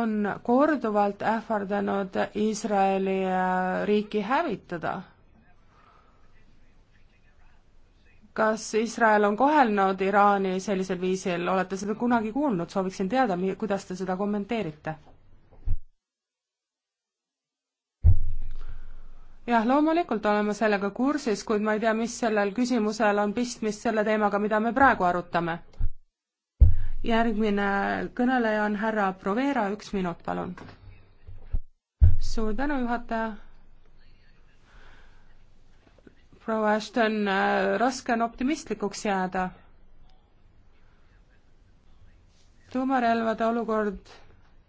on korduvalt ähvardanud Iisraeli äh, riiki hävitada. kas Iisrael on kohelnud Iraani sellisel viisil, olete seda kunagi kuulnud, sooviksin teada, kuidas te seda kommenteerite? jah, loomulikult oleme sellega kursis, kuid ma ei tea, mis sellel küsimusel on pistmist selle teemaga, mida me praegu arutame. järgmine kõneleja on härra Provera, üks minut, palun. suur tänu, juhataja. proua Ashton, raske on optimistlikuks jääda. tuumarelvade olukord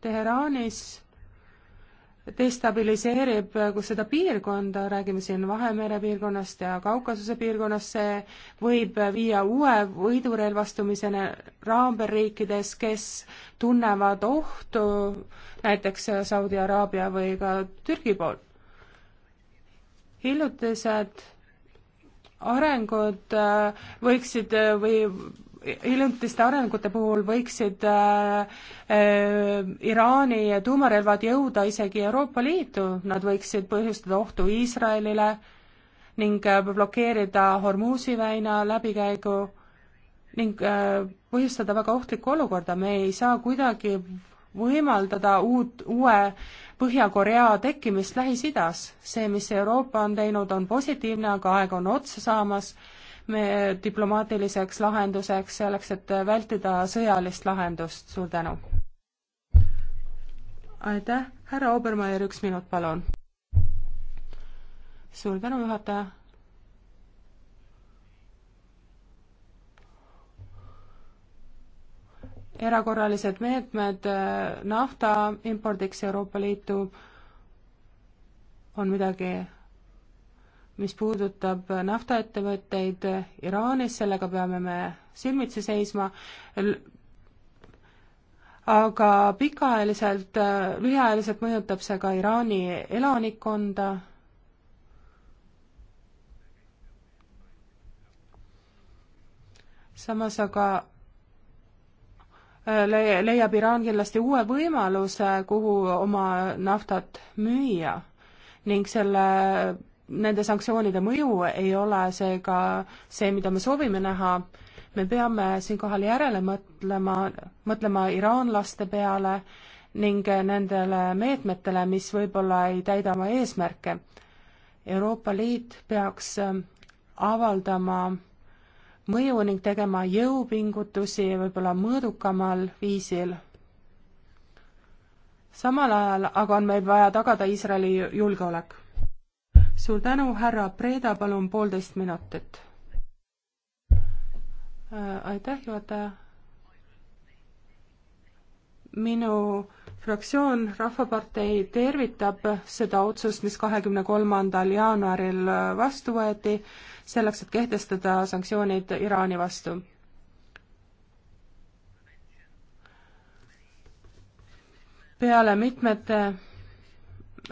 Teheraanis destabiliseerib äh, kus seda piirkonda, räägime siin Vahemere piirkonnast ja Kaukasuse piirkonnast, see võib äh, viia uue võidurelvastumisena raamberriikides, kes tunnevad ohtu näiteks Saudi Araabia või ka Türgi poolt. hiljutised arengud äh, võiksid või hiljutiste arengute puhul võiksid äh, äh, Iraani tuumarelvad jõuda isegi Euroopa Liitu, nad võiksid põhjustada ohtu Iisraelile ning äh, blokeerida Hormuzi väina läbikäigu ning äh, põhjustada väga ohtlikku olukorda, me ei saa kuidagi võimaldada uut, uue Põhja-Korea tekkimist Lähis-Idas. see, mis Euroopa on teinud, on positiivne, aga aeg on otsa saamas äh, me diplomaatiliseks lahenduseks, selleks et vältida sõjalist lahendust. suur tänu! aitäh, härra Obermeier, üks minut, palun! suur tänu, juhataja! erakorralised meetmed äh, nafta impordiks Euroopa Liitu on midagi mis puudutab naftaettevõtteid Iraanis, sellega peame me silmitsi seisma, aga pikaajaliselt, lühiajaliselt mõjutab see ka Iraani elanikkonda, samas aga äh, leiab Iraan kindlasti uue võimaluse, kuhu oma naftat müüa ning selle nende sanktsioonide mõju ei ole seega see, mida me soovime näha, me peame siinkohal järele mõtlema, mõtlema iraanlaste peale ning nendele meetmetele, mis võib-olla ei täida oma eesmärke. Euroopa Liit peaks ähm, avaldama mõju ning tegema jõupingutusi võib-olla mõõdukamal viisil. samal ajal aga on meil vaja tagada Iisraeli julgeolek suur tänu, härra Preeda, palun poolteist minutit. Äh, aitäh, juhataja. minu fraktsioon Rahvapartei tervitab seda otsust, mis kahekümne kolmandal jaanuaril äh, vastu võeti, selleks, et kehtestada sanktsioonid Iraani vastu. peale mitmete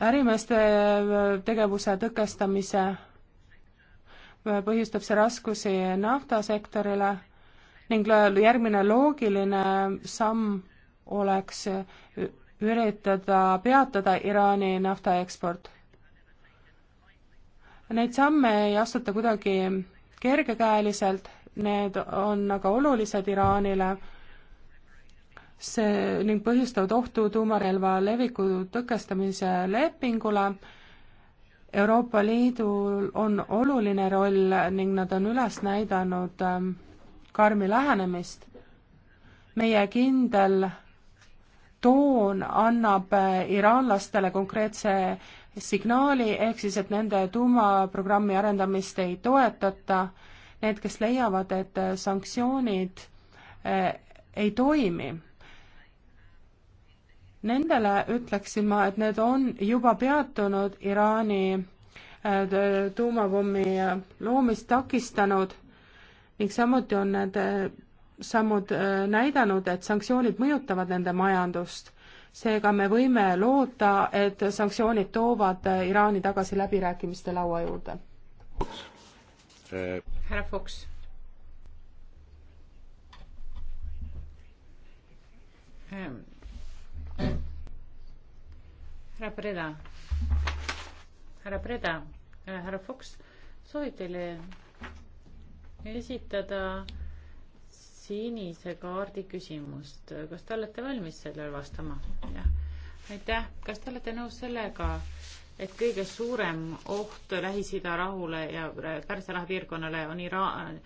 ärimeeste äh, tegevuse tõkestamise äh, põhjustab see raskusi naftasektorile ning järgmine loogiline samm oleks äh, üritada peatada Iraani naftaeksport. Neid samme ei astuta kuidagi kergekäeliselt, need on aga olulised Iraanile see ning põhjustavad ohtu tuumarelva leviku tõkestamise lepingule. Euroopa Liidul on oluline roll ning nad on üles näidanud ähm, karmi lähenemist. meie kindel toon annab äh, iraanlastele konkreetse signaali, ehk siis, et nende tuumaprogrammi arendamist ei toetata. Need, kes leiavad, et sanktsioonid äh, ei toimi Nendele ütleksin ma, et need on juba peatunud Iraani äh, tuumapommi äh, loomist takistanud ning samuti on need äh, sammud näidanud, et sanktsioonid mõjutavad nende majandust. seega me võime loota, et sanktsioonid toovad Iraani tagasi läbirääkimiste laua juurde. härra Fuchs härra Preda, härra Preda, äh, härra Fuchs, soovib teile esitada sinise kaardi küsimust. kas te olete valmis sellele vastama? jah. aitäh. kas te olete nõus sellega, et kõige suurem oht Lähis-Ida rahule ja Pärsia raha piirkonnale on Iraan,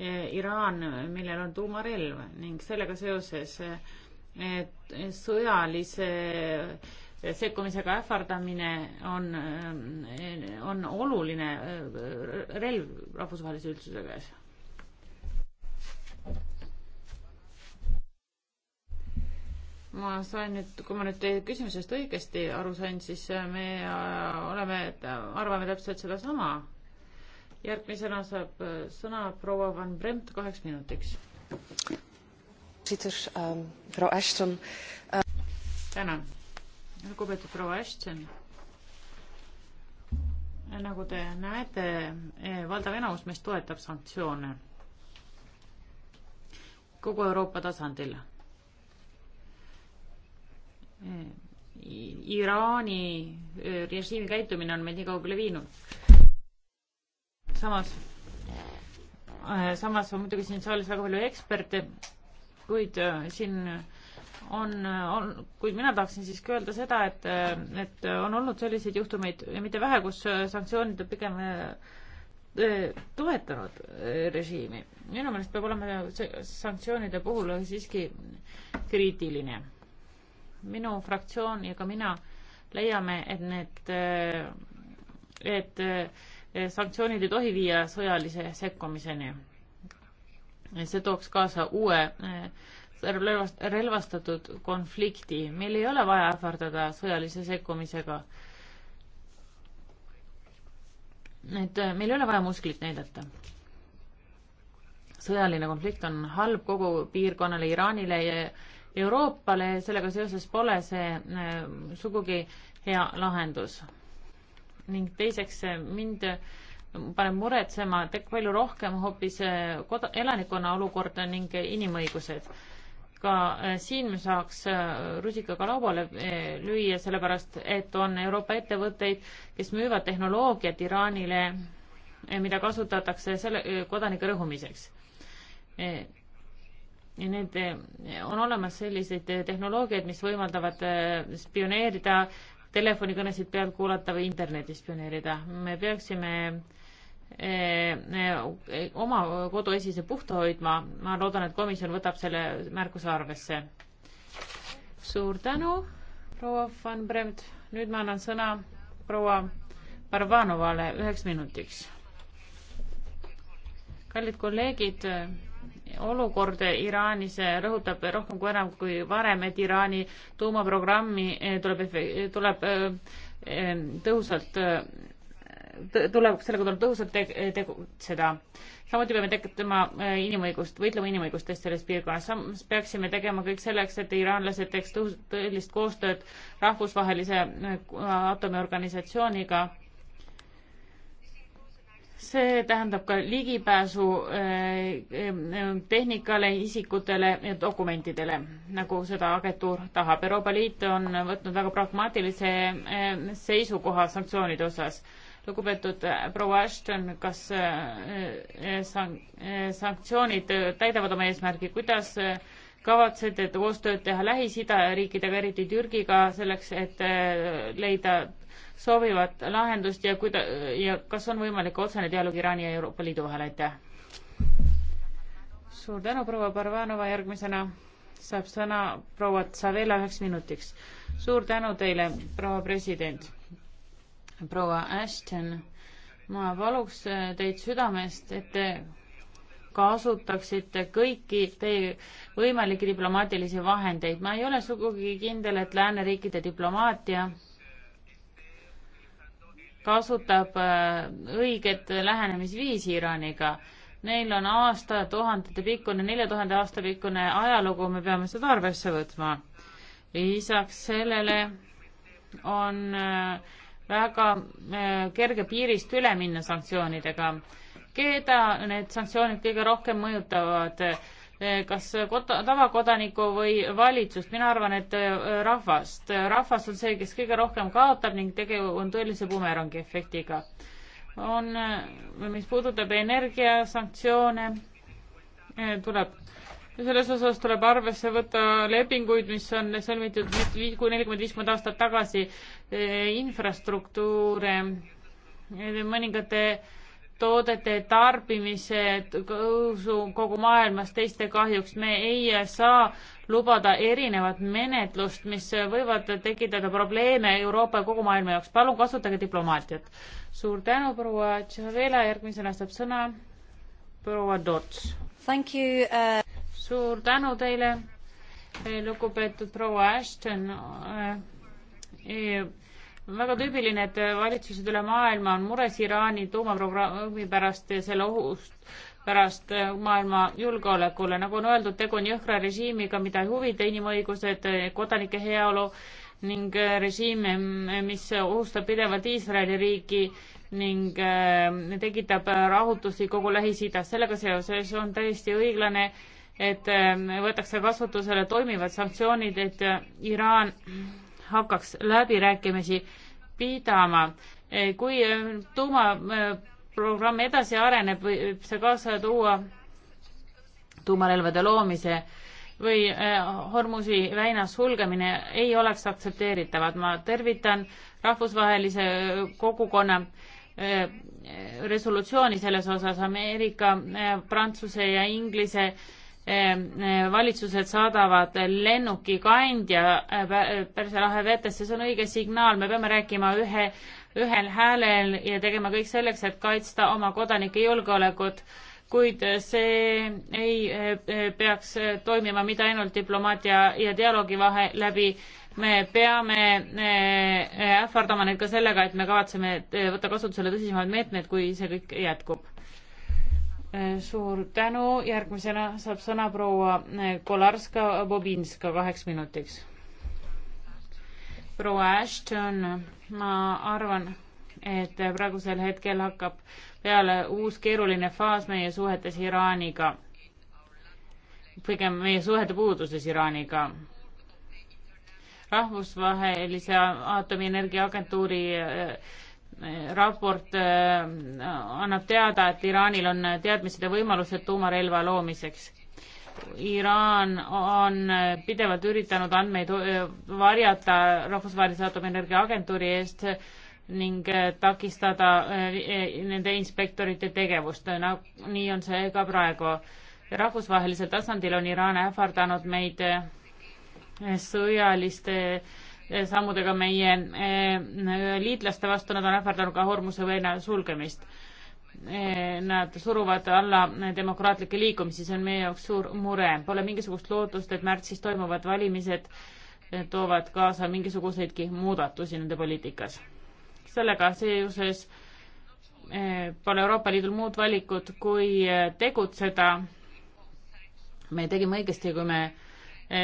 äh, Iraan, millel on tuumarelv ning sellega seoses äh, et sõjalise sekkumisega ähvardamine on, on oluline äh, relv rahvusvahelise üldsuse käes. ma sain nüüd, kui ma nüüd teie küsimusest õigesti aru sain, siis me äh, oleme, arvame täpselt sedasama. järgmisena saab äh, sõna proua Van Bremt kaheks minutiks Ehm, tänan, lugupeetud proua Ashton nagu te näete, eh, valdav enamus meist toetab sanktsioone kogu Euroopa tasandil. Eh, Iraani eh, režiimi käitumine on meid nii kaugele viinud. samas, samas on muidugi siin saalis väga palju eksperte, kuid äh, siin äh, on, äh, on, kuid mina tahaksin siiski öelda seda, et, et on olnud selliseid juhtumeid ja mitte vähe, kus sanktsioonid on pigem toetanud režiimi. minu meelest peab olema sanktsioonide puhul siiski kriitiline. minu fraktsioon ja ka mina leiame, et need, et sanktsioonid ei tohi viia sõjalise sekkumiseni see tooks kaasa uue eh, relvastatud konflikti. meil ei ole vaja ähvardada sõjalise sekkumisega. et eh, meil ei ole vaja musklit näidata. sõjaline konflikt on halb kogu piirkonnale, Iraanile ja Euroopale, sellega seoses pole see eh, sugugi hea lahendus. ning teiseks mind paneb muretsema palju rohkem hoopis äh, koda-, elanikkonna olukord ning inimõigused. ka äh, siin me saaks äh, rusikaga lauale lüüa, sellepärast et on Euroopa ettevõtteid, kes müüvad tehnoloogiat Iraanile, mida kasutatakse selle, kodanike rõhumiseks. Ja need, on olemas selliseid tehnoloogiaid, mis võimaldavad spioneerida, telefonikõnesid pealt kuulata või internetis spioneerida. me peaksime Eh, eh, oma kodu esise puhta hoidma. ma loodan, et komisjon võtab selle märkuse arvesse. suur tänu, proua Van Bremt. nüüd ma annan sõna proua Barbanovale üheks minutiks. kallid kolleegid, olukord Iraanis rõhutab rohkem kui enam kui varem, et Iraani tuumaprogrammi tuleb, tuleb eh, tõhusalt tuleb sellega tuleb tõhusalt tegutseda. samuti peame tekitama äh, inimõigust, võitlema inimõigustest selles piirkonnas. samas peaksime tegema kõik selleks, et iraanlased teeks tõelist koostööd rahvusvahelise äh, aatomiorganisatsiooniga. see tähendab ka ligipääsu äh, tehnikale, isikutele ja dokumentidele, nagu seda agentuur tahab. Euroopa Liit on võtnud väga pragmaatilise seisukoha sanktsioonide osas lugupeetud äh, proua Ashton, kas äh, äh, sanktsioonid täidavad oma eesmärgi, kuidas kavatsete koostööd teha Lähis-Ida riikidega, eriti Türgiga, selleks et leida soovivat lahendust ja kuida- ja kas on võimalik otsene dialoog Iraani ja Euroopa Liidu vahel, aitäh! suur tänu, proua Barbanova, järgmisena saab sõna proua Tsavela üheks minutiks. suur tänu teile, proua president proua Ashton, ma paluks äh, teid südamest, et te kasutaksite kõiki teie võimalikke diplomaatilisi vahendeid. ma ei ole sugugi kindel, et lääneriikide diplomaatia kasutab äh, õiget lähenemisviisi Iraaniga. Neil on aastatuhandete pikkune, nelja tuhande aasta pikkune ajalugu, me peame seda arvesse võtma. lisaks sellele on äh, väga äh, kerge piirist üle minna sanktsioonidega. keda need sanktsioonid kõige rohkem mõjutavad, äh, kas tavakodanikku või valitsust, mina arvan, et äh, rahvast. rahvas on see, kes kõige rohkem kaotab ning tegu on tõelise bumerangi efektiga. on, mis puudutab energiasanktsioone, tuleb selles osas tuleb arvesse võtta lepinguid, mis on sõlmitud kui nelikümmend, viiskümmend aastat tagasi e, infrastruktuure, e, mõningate toodete tarbimise tõusu kogu maailmas teiste kahjuks. me ei saa lubada erinevat menetlust, mis võivad tekitada probleeme Euroopa ja kogu maailma jaoks. palun kasutage diplomaatiat. suur tänu, proua Tšavela, järgmisena saab sõna proua Dots. Thank you uh suur tänu teile, eh, lugupeetud proua Ashton. Eh, eh, väga tüüpiline, et valitsused üle maailma on mures Iraani tuumaprogrammi pärast ja selle ohust pärast maailma julgeolekule. nagu on öeldud, tegu on jõhkra režiimiga, mida ei huvita inimõigused, kodanike heaolu ning režiim, mis ohustab pidevalt Iisraeli riiki ning tekitab rahutusi kogu Lähis-Idas. sellega seoses on täiesti õiglane et ähm, võetakse kasutusele toimivad sanktsioonid, et äh, Iraan hakkaks läbirääkimisi pidama. E, kui äh, tuumaprogramm edasi areneb, võib see kaasa tuua tuumarelvade loomise või äh, Hormusi väina sulgemine ei oleks aktsepteeritavad. ma tervitan rahvusvahelise kogukonna resolutsiooni selles osas Ameerika, Prantsuse ja Inglise Ehm, eh, valitsused saadavad lennuki kandja eh, Pärsia eh, lahe vetesse, see on õige signaal, me peame rääkima ühe, ühel häälel ja tegema kõik selleks, et kaitsta oma kodanike julgeolekut, kuid see ei peaks toimima mitte ainult diplomaatia ja dialoogi vahe läbi, me peame ähvardama neid ka sellega, et me kavatseme võtta kasutusele tõsisemaid meetmeid, kui see kõik jätkub suur tänu, järgmisena saab sõna proua eh, Kolarska-Bobinska kaheks minutiks. proua Ashton, ma arvan, et praegusel hetkel hakkab peale uus keeruline faas meie suhetes Iraaniga. pigem meie suhete puuduses Iraaniga. rahvusvahelise aatomienergiaagentuuri äh, raport äh, annab teada, et Iraanil on teadmised ja võimalused tuumarelva loomiseks. Iraan on pidevalt üritanud andmeid äh, varjata Rahvusvahelise Aatomienergia Agentuuri eest ning äh, takistada nende inspektorite tegevust, nii on see ka praegu. rahvusvahelisel tasandil on Iraan ähvardanud meid sõjaliste äh, sammudega meie eh, liitlaste vastu, nad on ähvardanud ka Hormuse veena sulgemist. Eh, nad suruvad alla demokraatlikke liikumisi, see on meie jaoks suur mure. Pole mingisugust lootust, et märtsis toimuvad valimised eh, toovad kaasa mingisuguseidki muudatusi nende poliitikas. sellega seoses pole Euroopa Liidul muud valikut, kui tegutseda. me tegime õigesti, kui me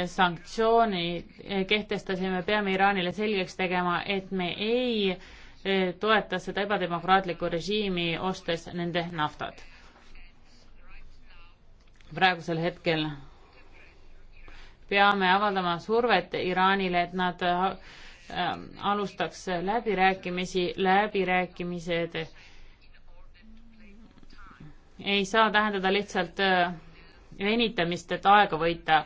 sanktsiooni kehtestasime, peame Iraanile selgeks tegema, et me ei e, toeta seda ebademokraatlikku režiimi, ostes nende naftat. praegusel hetkel peame avaldama survet Iraanile, et nad e, alustaks läbirääkimisi, läbirääkimised ei saa tähendada lihtsalt e, venitamist, et aega võita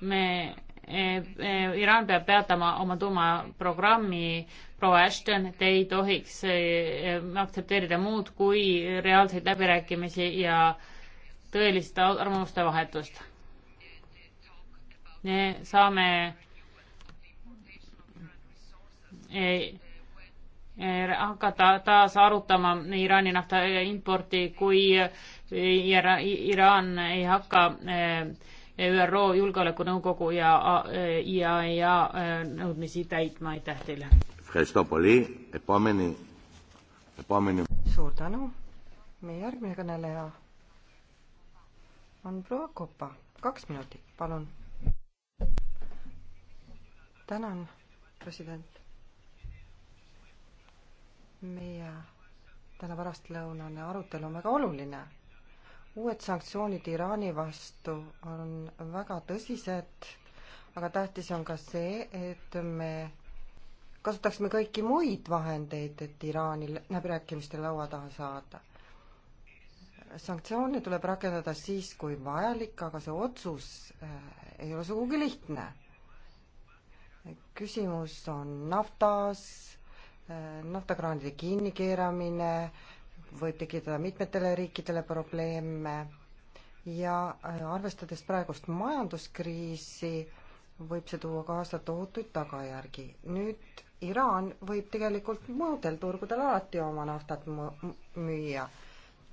me e, e, Iraan peab peatama oma tuumaprogrammi, proua Ashton, te ei tohiks e, aktsepteerida muud kui reaalseid läbirääkimisi ja tõelist arvamuste vahetust. me saame ei, hakata taas arutama Iraani nafta importi, kui Iraan ei hakka eh, ÜRO Julgeolekunõukogu ja IAEA äh, nõudmisi täitma, aitäh teile! suur tänu, meie järgmine kõneleja on proua Kopa, kaks minutit, palun. tänan, president. meie täna pärastlõunane arutelu on väga oluline uued sanktsioonid Iraani vastu on väga tõsised, aga tähtis on ka see, et me kasutaksime kõiki muid vahendeid, et Iraani läbirääkimiste laua taha saada. sanktsioone tuleb rakendada siis, kui vajalik, aga see otsus äh, ei ole sugugi lihtne. küsimus on naftas, äh, naftakraanide kinnikeeramine võib tekitada mitmetele riikidele probleeme ja äh, arvestades praegust majanduskriisi, võib see tuua kaasa tohutuid tagajärgi. nüüd Iraan võib tegelikult muudel turgudel alati oma naftat müüa,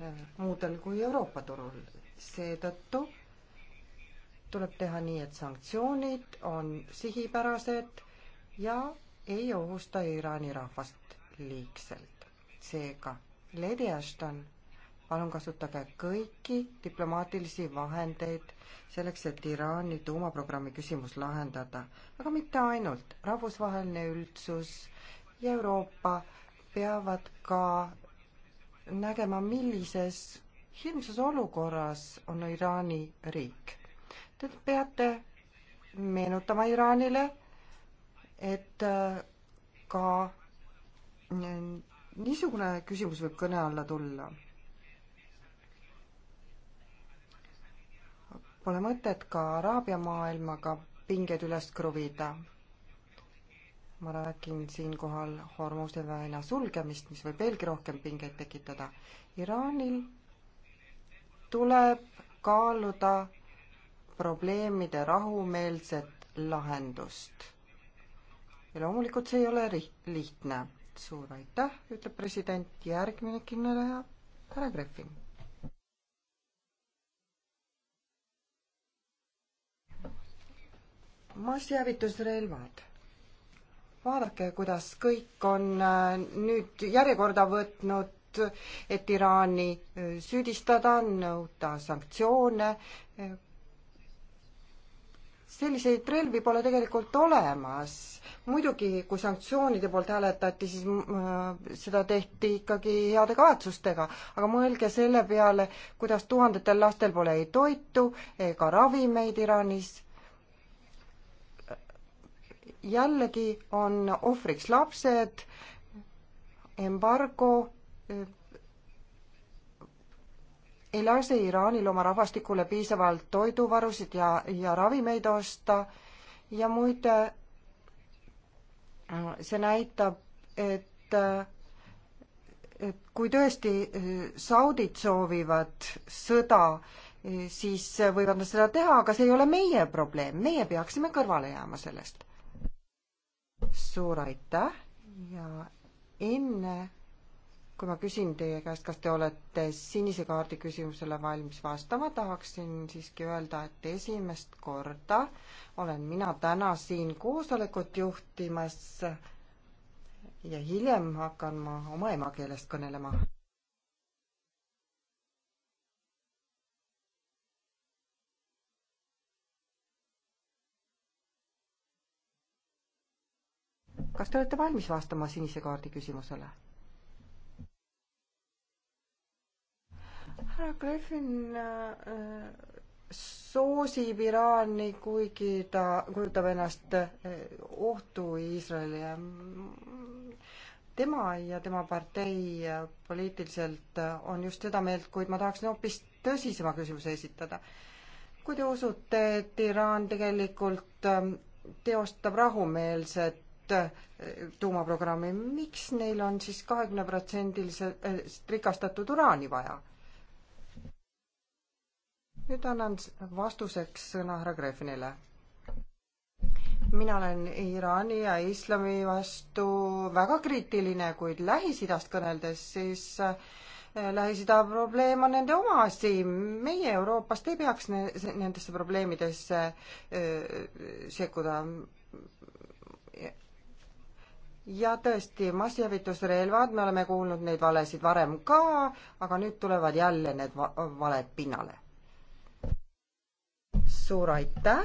äh, muudel kui Euroopa turul. seetõttu tuleb teha nii, et sanktsioonid on sihipärased ja ei ohusta Iraani rahvast liigselt. seega Lady Ashton, palun kasutage kõiki diplomaatilisi vahendeid selleks, et Iraani tuumaprogrammi küsimus lahendada. aga mitte ainult, rahvusvaheline üldsus ja Euroopa peavad ka nägema, millises hirmsas olukorras on Iraani riik. Te peate meenutama Iraanile, et äh, ka niisugune küsimus võib kõne alla tulla. Pole mõtet ka Araabia maailmaga pingeid üles kruvida. ma räägin siinkohal Hormuzi väina sulgemist, mis võib veelgi rohkem pingeid tekitada. Iraanil tuleb kaaluda probleemide rahumeelset lahendust. ja loomulikult see ei ole lihtne suur aitäh, ütleb president, järgmine kinneleja, härra Greffin. massihävitusrelvad. vaadake, kuidas kõik on äh, nüüd järjekorda võtnud et Iraani äh, süüdistada, nõuda sanktsioone, äh, selliseid relvi pole tegelikult olemas. muidugi, kui sanktsioonide poolt hääletati, siis äh, seda tehti ikkagi heade kavatsustega, aga mõelge selle peale, kuidas tuhandetel lastel pole ei toitu ega ravimeid Iranis. jällegi on ohvriks lapsed, embargo äh, ei lase Iraanil oma rahvastikule piisavalt toiduvarusid ja, ja ravimeid osta ja muide see näitab, et, et kui tõesti eh, saudid soovivad sõda, eh, siis võivad nad seda teha, aga see ei ole meie probleem, meie peaksime kõrvale jääma sellest. suur aitäh ja enne kui ma küsin teie käest, kas te olete sinise kaardi küsimusele valmis vastama, tahaksin siiski öelda, et esimest korda olen mina täna siin koosolekut juhtimas ja hiljem hakkan ma oma emakeelest kõnelema. kas te olete valmis vastama sinise kaardi küsimusele? härra Griffin äh, soosib Iraani, kuigi ta kujutab ennast äh, ohtu Iisraelile. tema ja tema partei äh, poliitiliselt on just seda meelt, kuid ma tahaksin hoopis tõsisema küsimuse esitada. kui te usute, et Iraan tegelikult teostab rahumeelset tuumaprogrammi, miks neil on siis kahekümneprotsendiliselt rikastatud uraani vaja? nüüd annan vastuseks sõna härra Grefinile. mina olen Iraani ja islami vastu väga kriitiline, kuid Lähis-Idast kõneldes, siis äh, Lähis-Ida probleem on nende oma asi. meie Euroopast ei peaks ne nendesse probleemidesse äh, sekkuda ja tõesti, massihävitusrelvad, me oleme kuulnud neid valesid varem ka, aga nüüd tulevad jälle need va valed pinnale suur aitäh.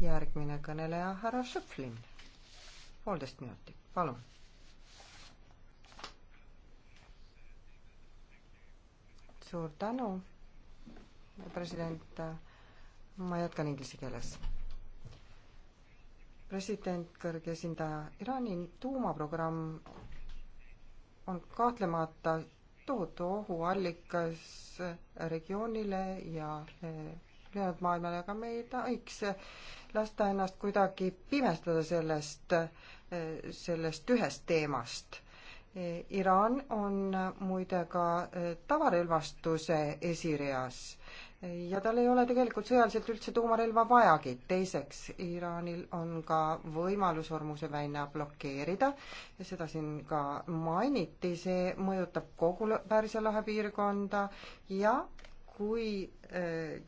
järgmine kõneleja, härra Šeflin, poolteist minutit, palun. suur tänu, president. ma jätkan inglise keeles president, kõrge esindaja, Iraani tuumaprogramm on kahtlemata tohutu ohuallikas regioonile ja eh, ülejäänud maailmale, aga me ei tohiks lasta ennast kuidagi pimestada sellest, sellest ühest teemast. Iraan on muide ka tavarelvastuse esireas ja tal ei ole tegelikult sõjaliselt üldse tuumarelva vajagi. teiseks, Iraanil on ka võimalus Hormuse väina blokeerida ja seda siin ka mainiti, see mõjutab kogu Pärsia lahe piirkonda ja kui eh,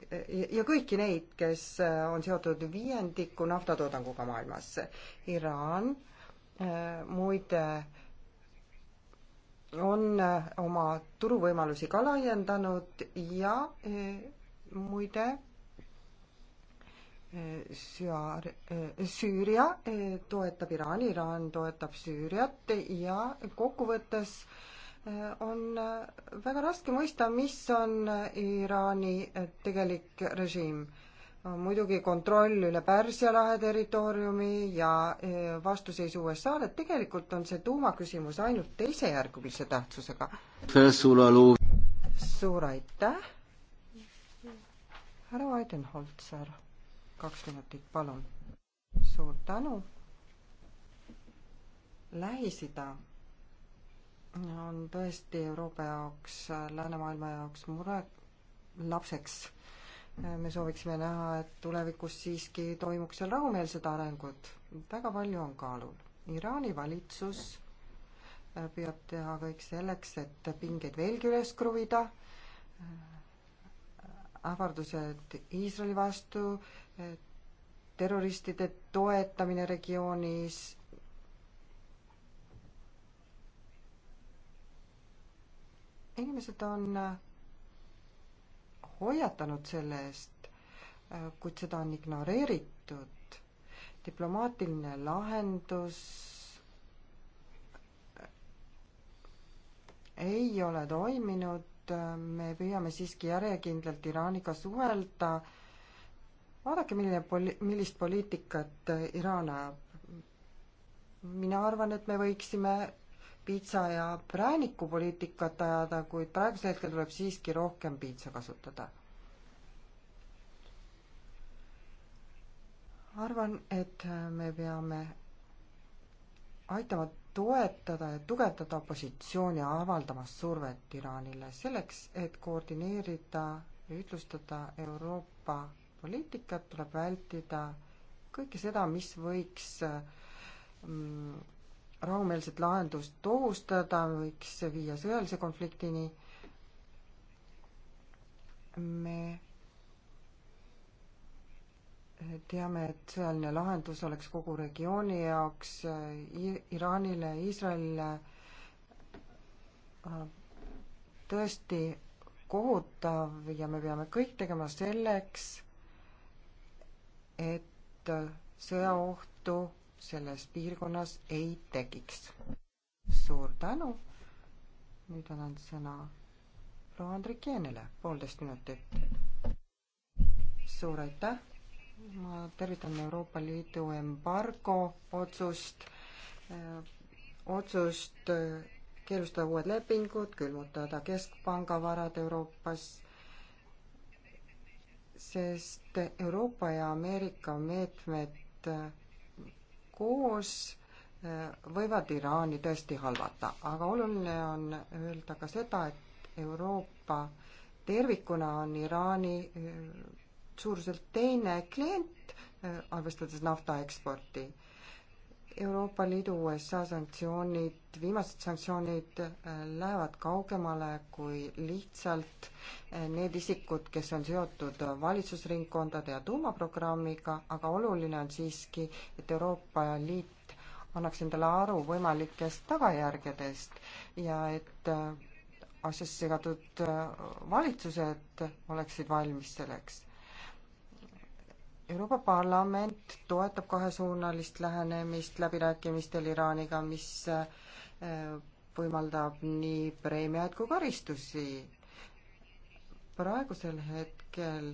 ja kõiki neid, kes eh, on seotud viiendiku naftatoodanguga maailmas. Iraan eh, muide on oma turuvõimalusi ka laiendanud ja muide Süar, Süüria toetab Iraani, Iraan toetab Süüriat ja kokkuvõttes äh, on väga raske mõista, mis on Iraani tegelik režiim. muidugi kontroll üle Pärsia lahe territooriumi ja e, vastuseis USA-le, tegelikult on see tuumaküsimus ainult teisejärgulise tähtsusega. suur aitäh! härra Weidenholzer, kaks minutit, palun. suur tänu. Lähis-Ida on tõesti Euroopa jaoks, läänemaailma jaoks mure lapseks. me sooviksime näha, et tulevikus siiski toimuks seal rahumeelsed arengud. väga palju on kaalul. Iraani valitsus äh, püüab teha kõik selleks, et pingeid veelgi üles kruvida ähvardused Iisraeli vastu, äh, terroristide toetamine regioonis, inimesed on äh, hoiatanud selle eest, äh, kuid seda on ignoreeritud. diplomaatiline lahendus äh, ei ole toiminud, me püüame siiski järjekindlalt Iraaniga suhelda. vaadake, milline poli-, millist poliitikat Iraan ajab. mina arvan, et me võiksime piitsa ja präänikupoliitikat ajada, kuid praegusel hetkel tuleb siiski rohkem piitsa kasutada. arvan, et me peame aitama toetada ja tugevdada opositsiooni avaldamas survet Iraanile selleks, et koordineerida ja ühtlustada Euroopa poliitikat, tuleb vältida kõike seda, mis võiks mm, rahumeelset lahendust ohustada, võiks viia sõjalise konfliktini. me teame, et sõjaline lahendus oleks kogu regiooni jaoks Iraanile, Iisraelile äh, tõesti kohutav ja me peame kõik tegema selleks, et äh, sõjaohtu selles piirkonnas ei tekiks. suur tänu. nüüd annan sõna proua Andrikeenile, poolteist minutit. suur aitäh. ma tervitan Euroopa Liidu embargo otsust, äh, otsust äh, keelustada uued lepingud, külmutada keskpanga varad Euroopas sest Euroopa ja Ameerika meetmed äh, koos äh, võivad Iraani tõesti halvata, aga oluline on öelda ka seda, et Euroopa tervikuna on Iraani äh, suuruselt teine klient, äh, arvestades nafta eksporti Euroopa Liidu USA sanktsioonid, viimased sanktsioonid äh, lähevad kaugemale kui lihtsalt äh, need isikud, kes on seotud valitsusringkondade ja tuumaprogrammiga, aga oluline on siiski, et Euroopa Liit annaks endale aru võimalikest tagajärgedest ja et äh, asjasse segatud valitsused oleksid valmis selleks Euroopa Parlament toetab kahesuunalist lähenemist läbirääkimistel Iraaniga, mis äh, võimaldab nii preemiaid kui karistusi. praegusel hetkel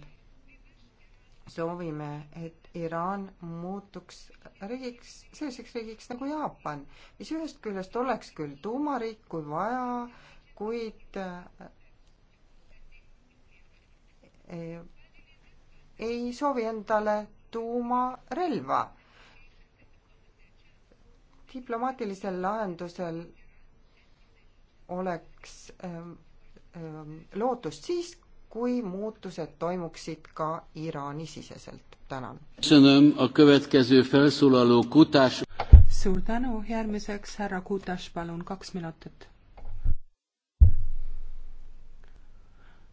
soovime, et Iraan muutuks riigiks, selliseks riigiks nagu Jaapan, mis ühest küljest oleks küll tuumariik, kui vaja, kuid äh, ei soovi endale tuumarelva. diplomaatilisel lahendusel oleks ähm, ähm, lootust siis, kui muutused toimuksid ka Iraani-siseselt. tänan. suur tänu, järgmiseks härra Kutaš, palun kaks minutit.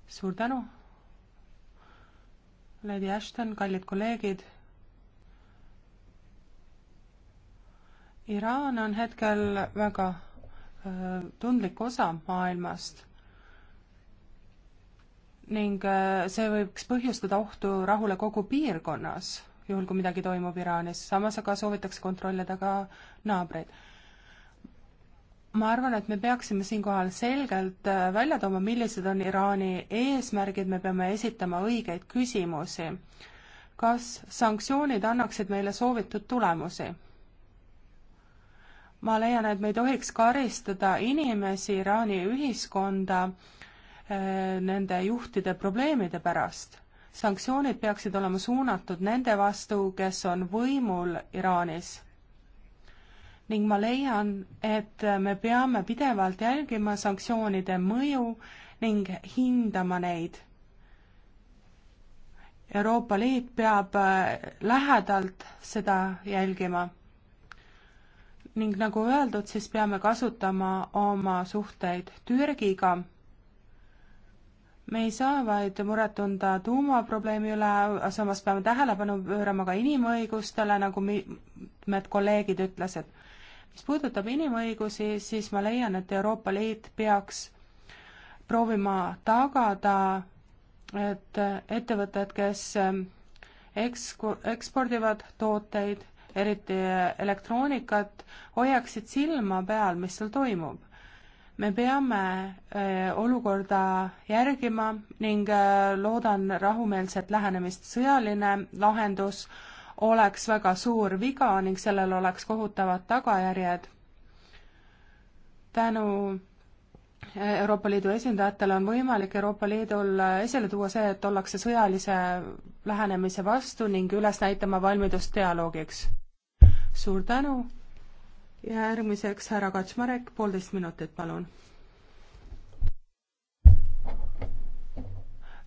suur tänu Lady Ashton, kallid kolleegid. Iraan on hetkel väga äh, tundlik osa maailmast ning äh, see võiks põhjustada ohtu rahule kogu piirkonnas, juhul kui midagi toimub Iraanis, samas aga soovitakse kontrollida ka naabreid ma arvan, et me peaksime siinkohal selgelt äh, välja tooma, millised on Iraani eesmärgid, me peame esitama õigeid küsimusi. kas sanktsioonid annaksid meile soovitud tulemusi? ma leian, et me ei tohiks karistada inimesi, Iraani ühiskonda äh, nende juhtide probleemide pärast. sanktsioonid peaksid olema suunatud nende vastu, kes on võimul Iraanis ning ma leian, et me peame pidevalt jälgima sanktsioonide mõju ning hindama neid. Euroopa Liit peab äh, lähedalt seda jälgima. ning nagu öeldud, siis peame kasutama oma suhteid Türgiga. me ei saa vaid muret tunda tuumaprobleemi üle, samas peame tähelepanu pöörama ka inimõigustele, nagu mitmed kolleegid ütlesid mis puudutab inimõigusi, siis ma leian, et Euroopa Liit peaks proovima tagada, et ettevõtted, kes ähm, eks-, ekspordivad tooteid, eriti äh, elektroonikat, hoiaksid silma peal, mis seal toimub. me peame äh, olukorda järgima ning äh, loodan rahumeelset lähenemist. sõjaline lahendus oleks väga suur viga ning sellel oleks kohutavad tagajärjed. tänu eh, Euroopa Liidu esindajatel on võimalik Euroopa Liidul eh, esile tuua see, et ollakse sõjalise lähenemise vastu ning üles näitama valmidust dialoogiks. suur tänu. järgmiseks härra Kaczmarek, poolteist minutit, palun.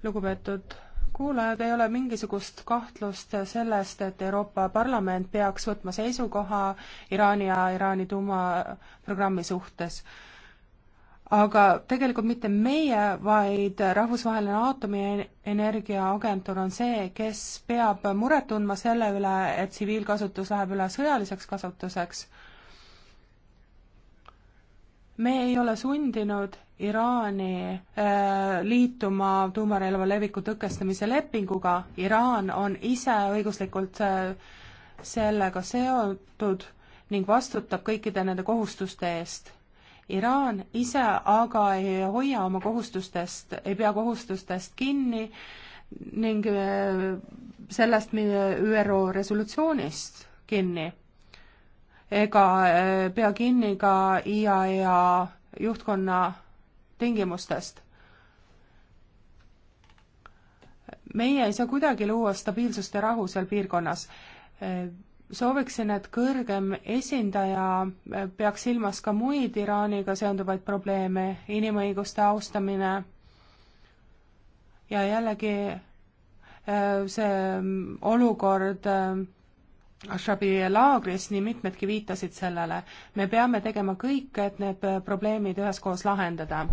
lugupeetud kuulajad, ei ole mingisugust kahtlust sellest, et Euroopa Parlament peaks võtma seisukoha Iraani ja Iraani tuumaprogrammi suhtes. aga tegelikult mitte meie, vaid Rahvusvaheline Aatomienergiaagentuur on see, kes peab muret tundma selle üle, et tsiviilkasutus läheb üle sõjaliseks kasutuseks. me ei ole sundinud Iraani äh, liituma tuumarelva leviku tõkestamise lepinguga, Iraan on ise õiguslikult äh, sellega seotud ning vastutab kõikide nende kohustuste eest. Iraan ise aga ei hoia oma kohustustest, ei pea kohustustest kinni ning äh, sellest ÜRO resolutsioonist kinni ega pea kinni ka IAEA juhtkonna tingimustest. meie ei saa kuidagi luua stabiilsust ja rahu seal piirkonnas. sooviksin, et kõrgem esindaja peaks silmas ka muid Iraaniga seonduvaid probleeme, inimõiguste austamine ja jällegi äh, see mm, olukord äh, Ashabi laagris, nii mitmedki viitasid sellele. me peame tegema kõik, et need probleemid üheskoos lahendada.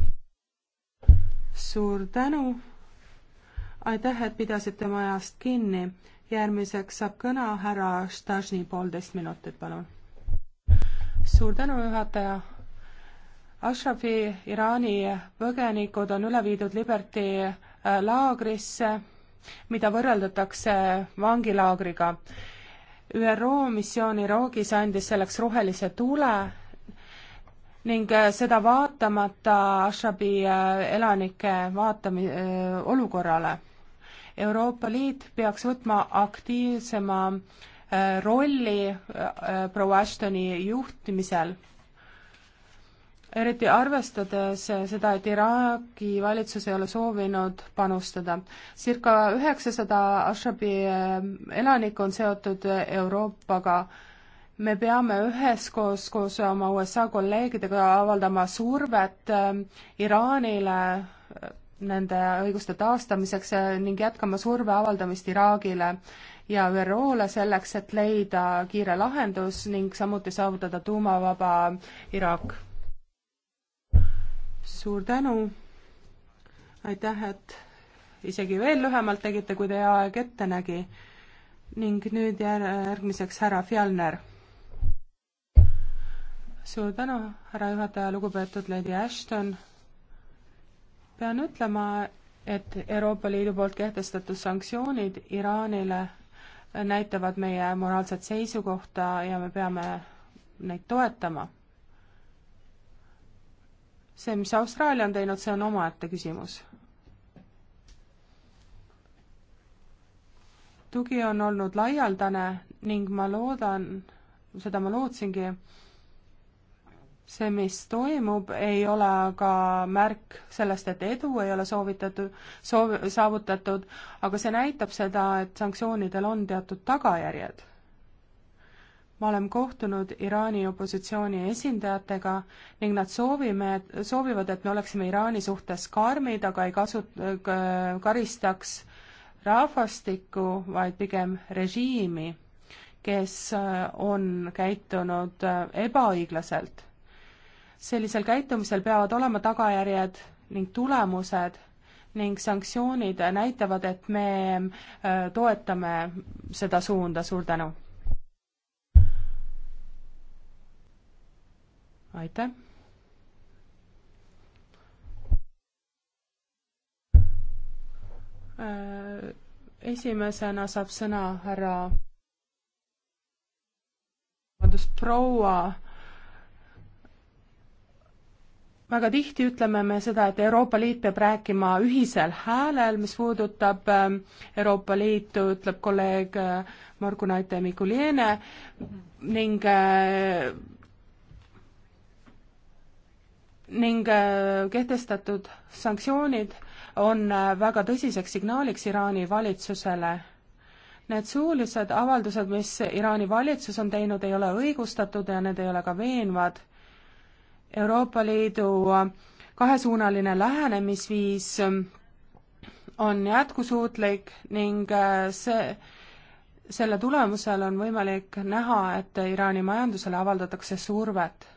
suur tänu. aitäh, et pidasite oma ajast kinni. järgmiseks saab kõna härra Stasni, poolteist minutit, palun. suur tänu, juhataja Ashrafi Iraani põgenikud on üle viidud Liberty äh, laagrisse, mida võrreldatakse vangilaagriga. ÜRO missioon Iraagis andis selleks rohelise tule ning äh, seda vaatamata Ashrabi äh, elanike vaatami-, äh, olukorrale. Euroopa Liit peaks võtma aktiivsema rolli proua Ashtoni juhtimisel eriti arvestades seda, et Iraagi valitsus ei ole soovinud panustada. circa üheksasada Ashabi eh, elanikku on seotud Euroopaga. me peame üheskoos, koos oma USA kolleegidega avaldama survet eh, Iraanile eh, nende õiguste taastamiseks ning jätkama surve avaldamist Iraagile ja ÜRO-le selleks, et leida kiire lahendus ning samuti saavutada tuumavaba Iraak suur tänu, aitäh, et isegi veel lühemalt tegite, kui teie aeg ette nägi. ning nüüd järgmiseks härra Fjellner. suur tänu, härra juhataja, lugupeetud Lady Ashton. pean ütlema, et Euroopa Liidu poolt kehtestatud sanktsioonid Iraanile näitavad meie moraalset seisukohta ja me peame neid toetama see, mis Austraalia on teinud, see on omaette küsimus. tugi on olnud laialdane ning ma loodan, seda ma lootsingi, see, mis toimub, ei ole aga märk sellest, et edu ei ole soovitatud, soov, saavutatud, aga see näitab seda, et sanktsioonidel on teatud tagajärjed ma olen kohtunud Iraani opositsiooni esindajatega ning nad soovime, soovivad, et me oleksime Iraani suhtes karmid, aga ei kasu-, karistaks rahvastikku, vaid pigem režiimi, kes äh, on käitunud äh, ebaõiglaselt. sellisel käitumisel peavad olema tagajärjed ning tulemused ning sanktsioonid näitavad, et me äh, toetame seda suunda, suur tänu! aitäh. Äh, esimesena saab sõna härra, vabandust, proua. väga tihti ütleme me seda, et Euroopa Liit peab rääkima ühisel häälel, mis puudutab ähm, Euroopa Liitu, ütleb kolleeg äh, Margunaite Mikuliene ning äh, ning äh, kehtestatud sanktsioonid on äh, väga tõsiseks signaaliks Iraani valitsusele. Need suulised avaldused, mis Iraani valitsus on teinud, ei ole õigustatud ja need ei ole ka veenvad. Euroopa Liidu äh, kahesuunaline lähenemisviis ähm, on jätkusuutlik ning see, selle tulemusel on võimalik näha, et Iraani majandusele avaldatakse survet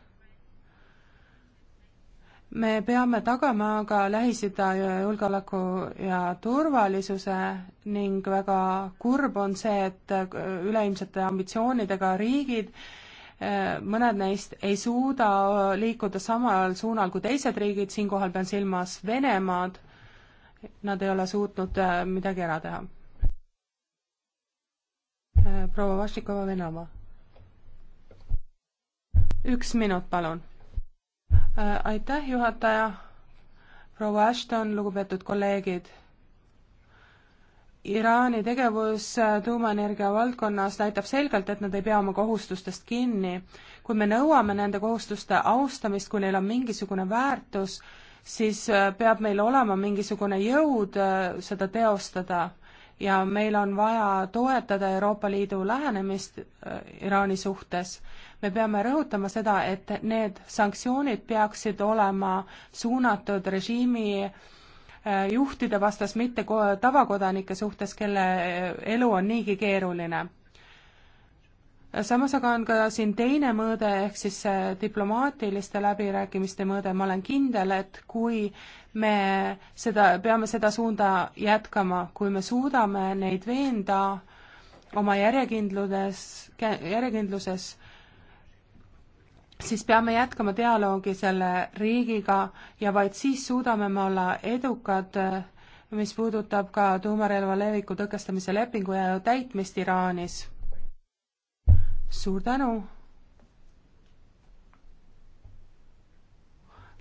me peame tagama aga Lähis-Ida julgeoleku ja turvalisuse ning väga kurb on see, et äh, üleilmsete ambitsioonidega riigid äh, mõned neist ei suuda äh, liikuda samal suunal kui teised riigid, siinkohal pean silmas Venemaad, nad ei ole suutnud midagi ära teha. proua Vašnikova, Venemaa. üks minut, palun Äh, aitäh, juhataja, proua Ashton, lugupeetud kolleegid. Iraani tegevus äh, tuumaenergia valdkonnas näitab selgelt, et nad ei pea oma kohustustest kinni. kui me nõuame nende kohustuste austamist, kui neil on mingisugune väärtus, siis äh, peab meil olema mingisugune jõud seda teostada ja meil on vaja toetada Euroopa Liidu lähenemist äh, Iraani suhtes. me peame rõhutama seda, et need sanktsioonid peaksid olema suunatud režiimi äh, juhtide vastas, mitte tavakodanike suhtes, kelle äh, elu on niigi keeruline samas aga on ka siin teine mõõde, ehk siis see diplomaatiliste läbirääkimiste mõõde, ma olen kindel, et kui me seda, peame seda suunda jätkama, kui me suudame neid veenda oma järjekindluses, järjekindluses, siis peame jätkama dialoogi selle riigiga ja vaid siis suudame me olla edukad, mis puudutab ka tuumarelva leviku tõkestamise lepingu ja täitmist Iraanis suur tänu.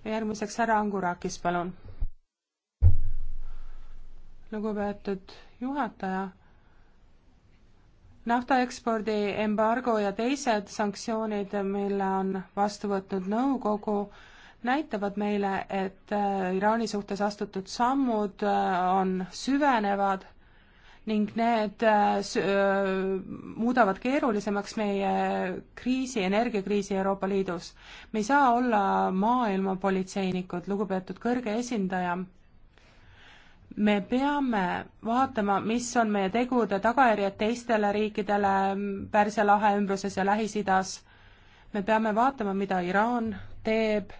järgmiseks härra Angurakis, palun. lugupeetud juhataja naftaekspordi embargo ja teised sanktsioonid, mille on vastu võtnud nõukogu, näitavad meile, et äh, Iraani suhtes astutud sammud äh, on, süvenevad ning need äh, äh, muudavad keerulisemaks meie kriisi, energiakriisi Euroopa Liidus. me ei saa olla maailmapolitseinikud, lugupeetud kõrge esindaja. me peame vaatama, mis on meie tegude tagajärjed teistele riikidele Pärsia lahe ümbruses ja Lähis-Idas. me peame vaatama, mida Iraan teeb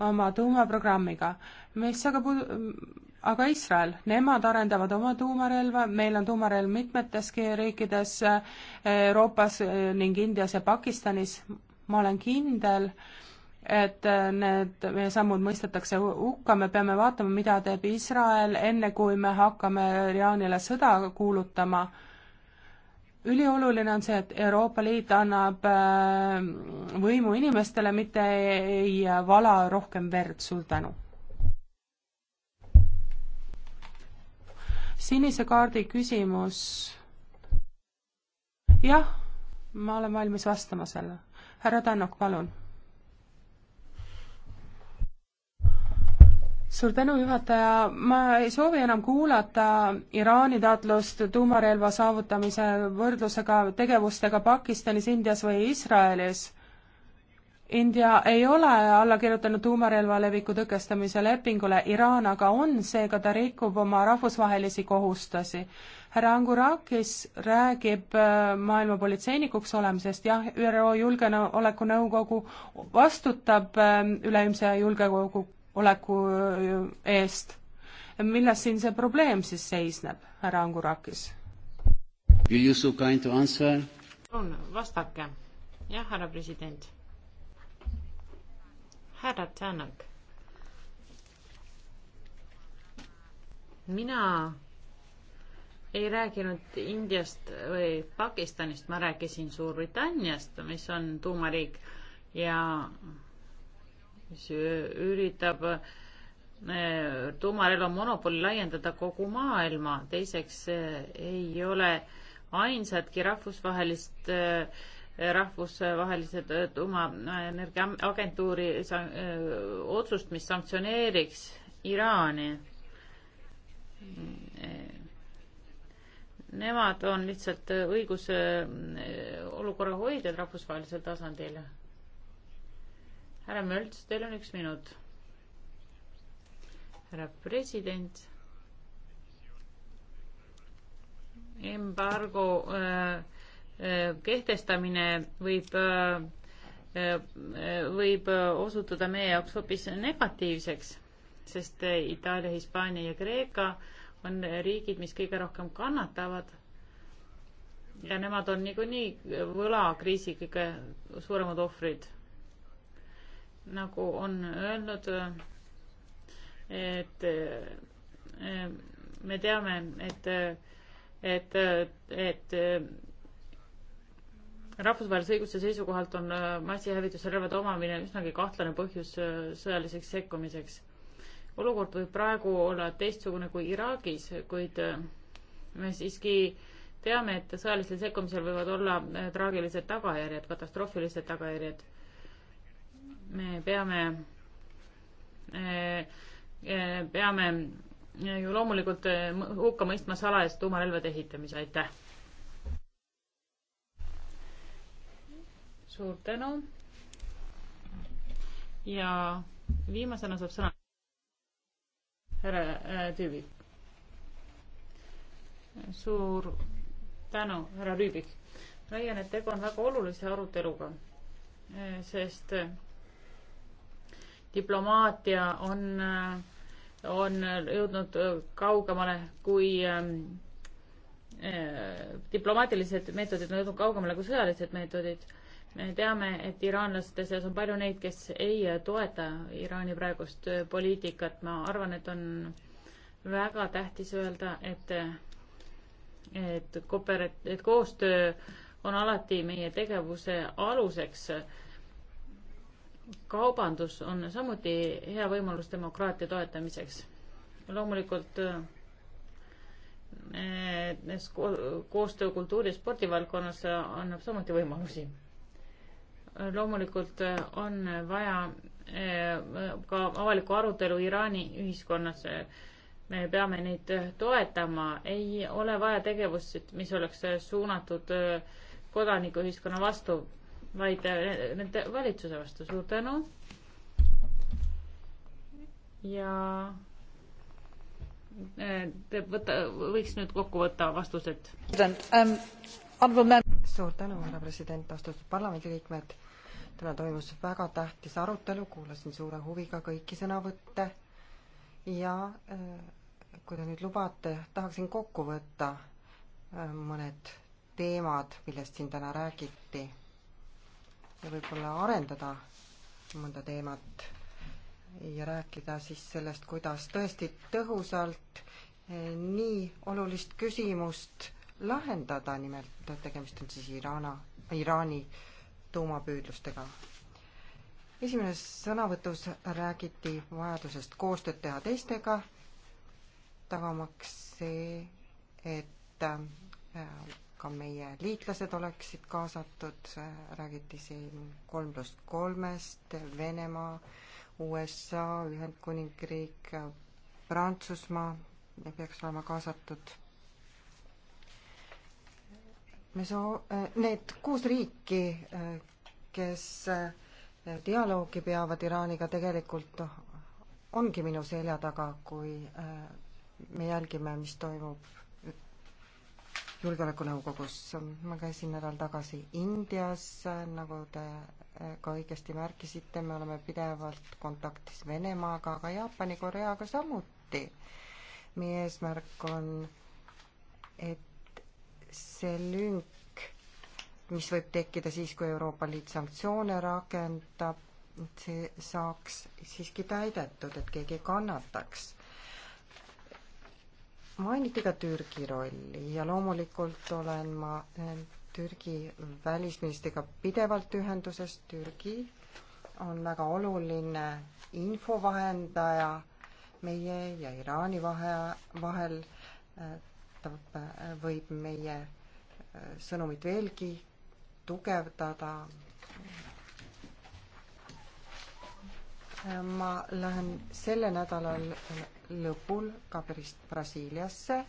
oma tuumaprogrammiga, mis aga puud-, aga Iisrael, nemad arendavad oma tuumarelva, meil on tuumarelv mitmeteski riikides Euroopas eh, ning Indias ja Pakistanis, ma olen kindel, et eh, need meie sammud mõistetakse hukka, me peame vaatama, mida teeb Iisrael, enne kui me hakkame Iraanile sõda kuulutama. ülioluline on see, et Euroopa Liit annab eh, võimu inimestele, mitte ei vala rohkem verd, suur tänu sinise kaardi küsimus. jah, ma olen valmis vastama sellele. härra Tänok, palun. suur tänu, juhataja, ma ei soovi enam kuulata Iraani taotlust tuumarelva saavutamise võrdlusega tegevustega Pakistanis, Indias või Iisraelis India ei ole alla kirjutanud tuumarelva leviku tõkestamise lepingule, Iraan aga on, seega ta rikub oma rahvusvahelisi kohustusi. härra Angurakis räägib äh, maailma politseinikuks olemisest, jah, ÜRO Julgeolekunõukogu vastutab ähm, üleilmse julgeoleku äh, eest. milles siin see probleem siis seisneb, härra Angurakis? palun vastake, jah, härra president härra Tänak. mina ei rääkinud Indiast või Pakistanist, ma rääkisin Suurbritanniast, mis on tuumariik ja mis üritab äh, tuumarelva monopoli laiendada kogu maailma. teiseks äh, ei ole ainsatki rahvusvahelist äh, rahvusvahelise äh, tuumaenergia agentuuri äh, otsust, mis sanktsioneeriks Iraani. Nemad on lihtsalt äh, õiguse olukorra hoidjad rahvusvahelisel tasandil. härra Mölts, teil on üks minut. härra president. embargo äh, kehtestamine võib, võib osutuda meie jaoks hoopis negatiivseks, sest Itaalia, Hispaania ja Kreeka on riigid, mis kõige rohkem kannatavad. ja nemad on niikuinii võlakriisi kõige suuremad ohvrid. nagu on öelnud, et me teame, et, et, et rahvusvahelise õiguse seisukohalt on äh, massihävitusrelvade omamine üsnagi kahtlane põhjus äh, sõjaliseks sekkumiseks. olukord võib praegu olla teistsugune kui Iraagis, kuid äh, me siiski teame, et sõjalisel sekkumisel võivad olla traagilised tagajärjed, katastroofilised tagajärjed. me peame, peame ju loomulikult hukka mõistma salajast tuumarelvade ehitamise, aitäh suur tänu. ja viimasena saab sõna härra äh, Tüübik. suur tänu, härra Rüübik. leian, et tegu on väga olulise aruteluga, äh, sest äh, diplomaatia on, äh, on jõudnud kaugemale kui ähm, diplomaatilised meetodid on jõudnud kaugemale kui sõjalised meetodid me teame, et iraanlaste seas on palju neid, kes ei toeta Iraani praegust poliitikat, ma arvan, et on väga tähtis öelda, et et kooper-, et koostöö on alati meie tegevuse aluseks. kaubandus on samuti hea võimalus demokraatia toetamiseks. loomulikult eh, koostöö kultuuri ja spordivaldkonnas annab samuti võimalusi loomulikult äh, on vaja äh, ka avalikku arutelu Iraani ühiskonnas. me peame neid äh, toetama, ei ole vaja tegevust, mis oleks suunatud kodanikuühiskonna vastu, vaid nende valitsuse vastu. suur tänu. ja te võta, võiks nüüd kokku võtta vastused. Um, suur tänu, härra president, austatud parlamendiliikmed täna toimus väga tähtis arutelu, kuulasin suure huviga kõiki sõnavõtte ja äh, kui te nüüd lubate, tahaksin kokku võtta äh, mõned teemad, millest siin täna räägiti ja võib-olla arendada mõnda teemat ja rääkida siis sellest, kuidas tõesti tõhusalt äh, nii olulist küsimust lahendada, nimelt tegemist on siis Iraana, Iraani tuumapüüdlustega. esimeses sõnavõtus räägiti vajadusest koostööd teha teistega, tagamaks see, et äh, ka meie liitlased oleksid kaasatud, räägiti siin kolm pluss kolmest, Venemaa, USA, Ühendkuningriik, Prantsusmaa peaks olema kaasatud me soo-, äh, need kuus riiki, äh, kes äh, dialoogi peavad Iraaniga, tegelikult ongi minu selja taga, kui me jälgime, mis toimub julgeolekunõukogus. ma käisin nädal tagasi Indias, nagu te ka õigesti märkisite, me oleme pidevalt kontaktis Venemaaga, aga Jaapani, Koreaga samuti. meie eesmärk on, et see lünk, mis võib tekkida siis, kui Euroopa Liit sanktsioone rakendab, et see saaks siiski täidetud, et keegi ei kannataks. mainiti ka Türgi rolli ja loomulikult olen ma eh, Türgi välisministriga pidevalt ühenduses, Türgi on väga oluline infovahendaja meie ja Iraani vahe, vahel eh, toetab, äh, võib meie äh, sõnumit veelgi tugevdada. Äh, ma lähen selle nädalal lõpul ka Brasiiliasse.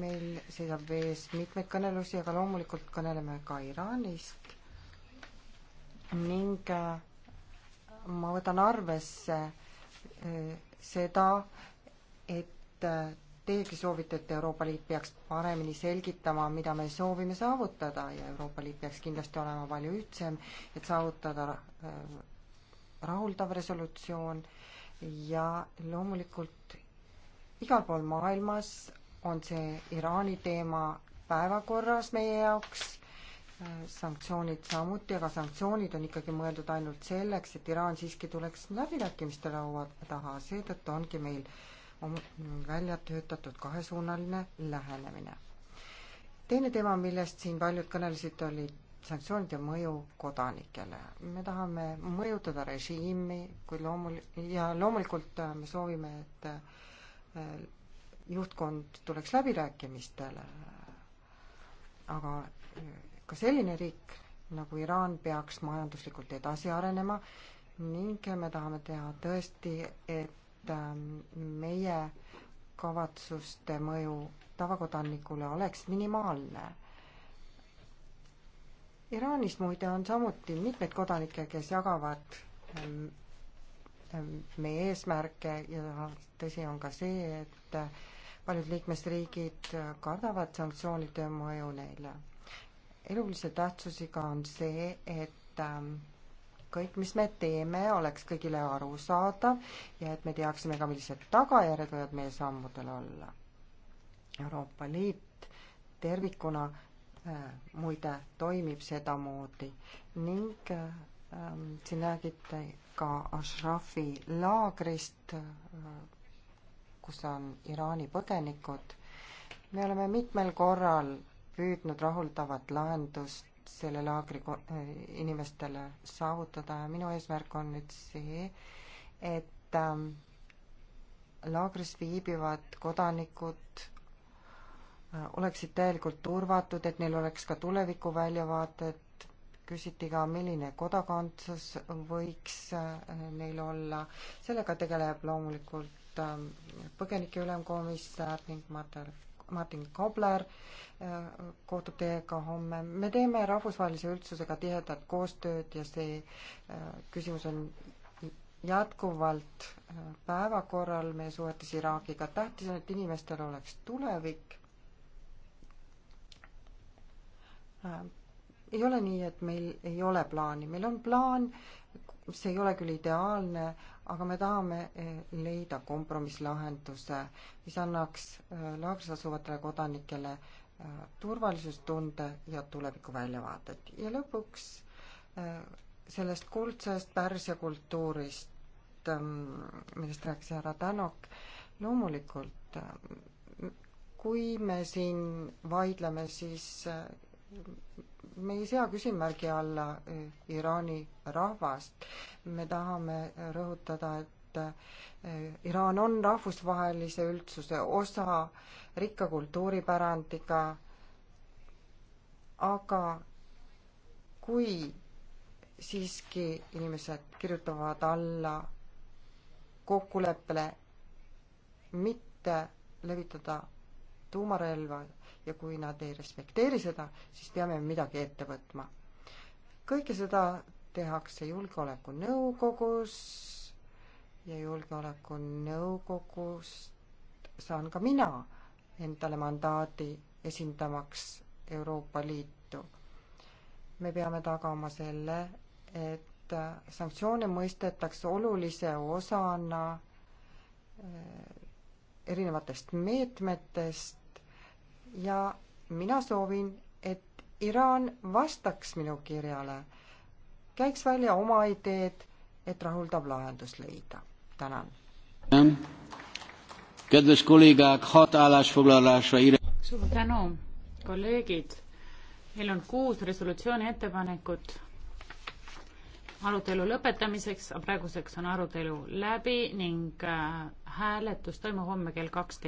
meil seisab ees mitmeid kõnelusi, aga loomulikult kõneleme ka Iraanist. ning ma võtan arvesse seda, et teiegi soovite, et Euroopa Liit peaks paremini selgitama, mida me soovime saavutada ja Euroopa Liit peaks kindlasti olema palju ühtsem, et saavutada äh, rahuldav resolutsioon ja loomulikult igal pool maailmas on see Iraani teema päevakorras meie jaoks, äh, sanktsioonid samuti, aga sanktsioonid on ikkagi mõeldud ainult selleks, et Iraan siiski tuleks läbirääkimiste laua taha, seetõttu ongi meil äh, on välja töötatud kahesuunaline lähenemine. teine teema, millest siin paljud kõnelesid, oli sanktsioonide mõju kodanikele. me tahame mõjutada režiimi, kui loomul- ja loomulikult äh, me soovime, et äh, juhtkond tuleks läbirääkimistele. aga äh, ka selline riik nagu Iraan peaks majanduslikult edasi arenema ning me tahame teha tõesti, et Ähm, meie kavatsuste mõju tavakodanikule oleks minimaalne. Iraanis muide on samuti mitmeid kodanikke, kes jagavad ähm, ähm, meie eesmärke ja tõsi on ka see, et äh, paljud liikmesriigid äh, kardavad sanktsioonide mõju neile. elulise tähtsusega on see, et kõik, mis me teeme, oleks kõigile arusaadav ja et me teaksime ka, millised tagajärjed võivad meie sammudel olla. Euroopa Liit tervikuna äh, muide toimib sedamoodi ning äh, siin räägite ka Ashrafi laagrist äh,, kus on Iraani põgenikud. me oleme mitmel korral püüdnud rahuldavat lahendust selle laagri eh, inimestele saavutada ja minu eesmärk on nüüd see, et ähm, laagris viibivad kodanikud äh, oleksid täielikult turvatud, et neil oleks ka tulevikuväljavaated, küsiti ka, milline kodakondsus võiks äh, neil olla, sellega tegeleb loomulikult ähm, põgenike ülemkomissar ning materjal Martin Kobler äh, kohtub teiega homme. me teeme rahvusvahelise üldsusega tihedat koostööd ja see äh, küsimus on jätkuvalt äh, päevakorral meie suhetes Iraagiga. tähtis on, et inimestel oleks tulevik. ei ole nii, et meil ei ole plaani, meil on plaan, see ei ole küll ideaalne, aga me tahame e, leida kompromisslahenduse, mis annaks e, laagris asuvatele kodanikele e, turvalisustunde ja tulevikuväljavaadet. ja lõpuks sellest kuldsest Pärsia kultuurist, millest rääkis härra Tänok, loomulikult kui me siin vaidleme, siis me ei sea küsimärgi alla eh, Iraani rahvast. me tahame rõhutada, et eh, Iraan on rahvusvahelise üldsuse osa, rikka kultuuripärandiga, aga kui siiski inimesed kirjutavad alla kokkuleppele mitte levitada tuumarelva ja kui nad ei respekteeri seda, siis peame midagi ette võtma. kõike seda tehakse Julgeolekunõukogus ja Julgeolekunõukogust saan ka mina endale mandaadi esindamaks Euroopa Liitu. me peame tagama selle, et sanktsioone mõistetakse olulise osana eh, erinevatest meetmetest, ja mina soovin, et Iraan vastaks minu kirjale, käiks välja oma ideed, et rahuldav lahendus leida. tänan. suur tänu, kolleegid. meil on kuus resolutsiooni ettepanekut arutelu lõpetamiseks. praeguseks on arutelu läbi ning äh, hääletus toimub homme kell kaksteist.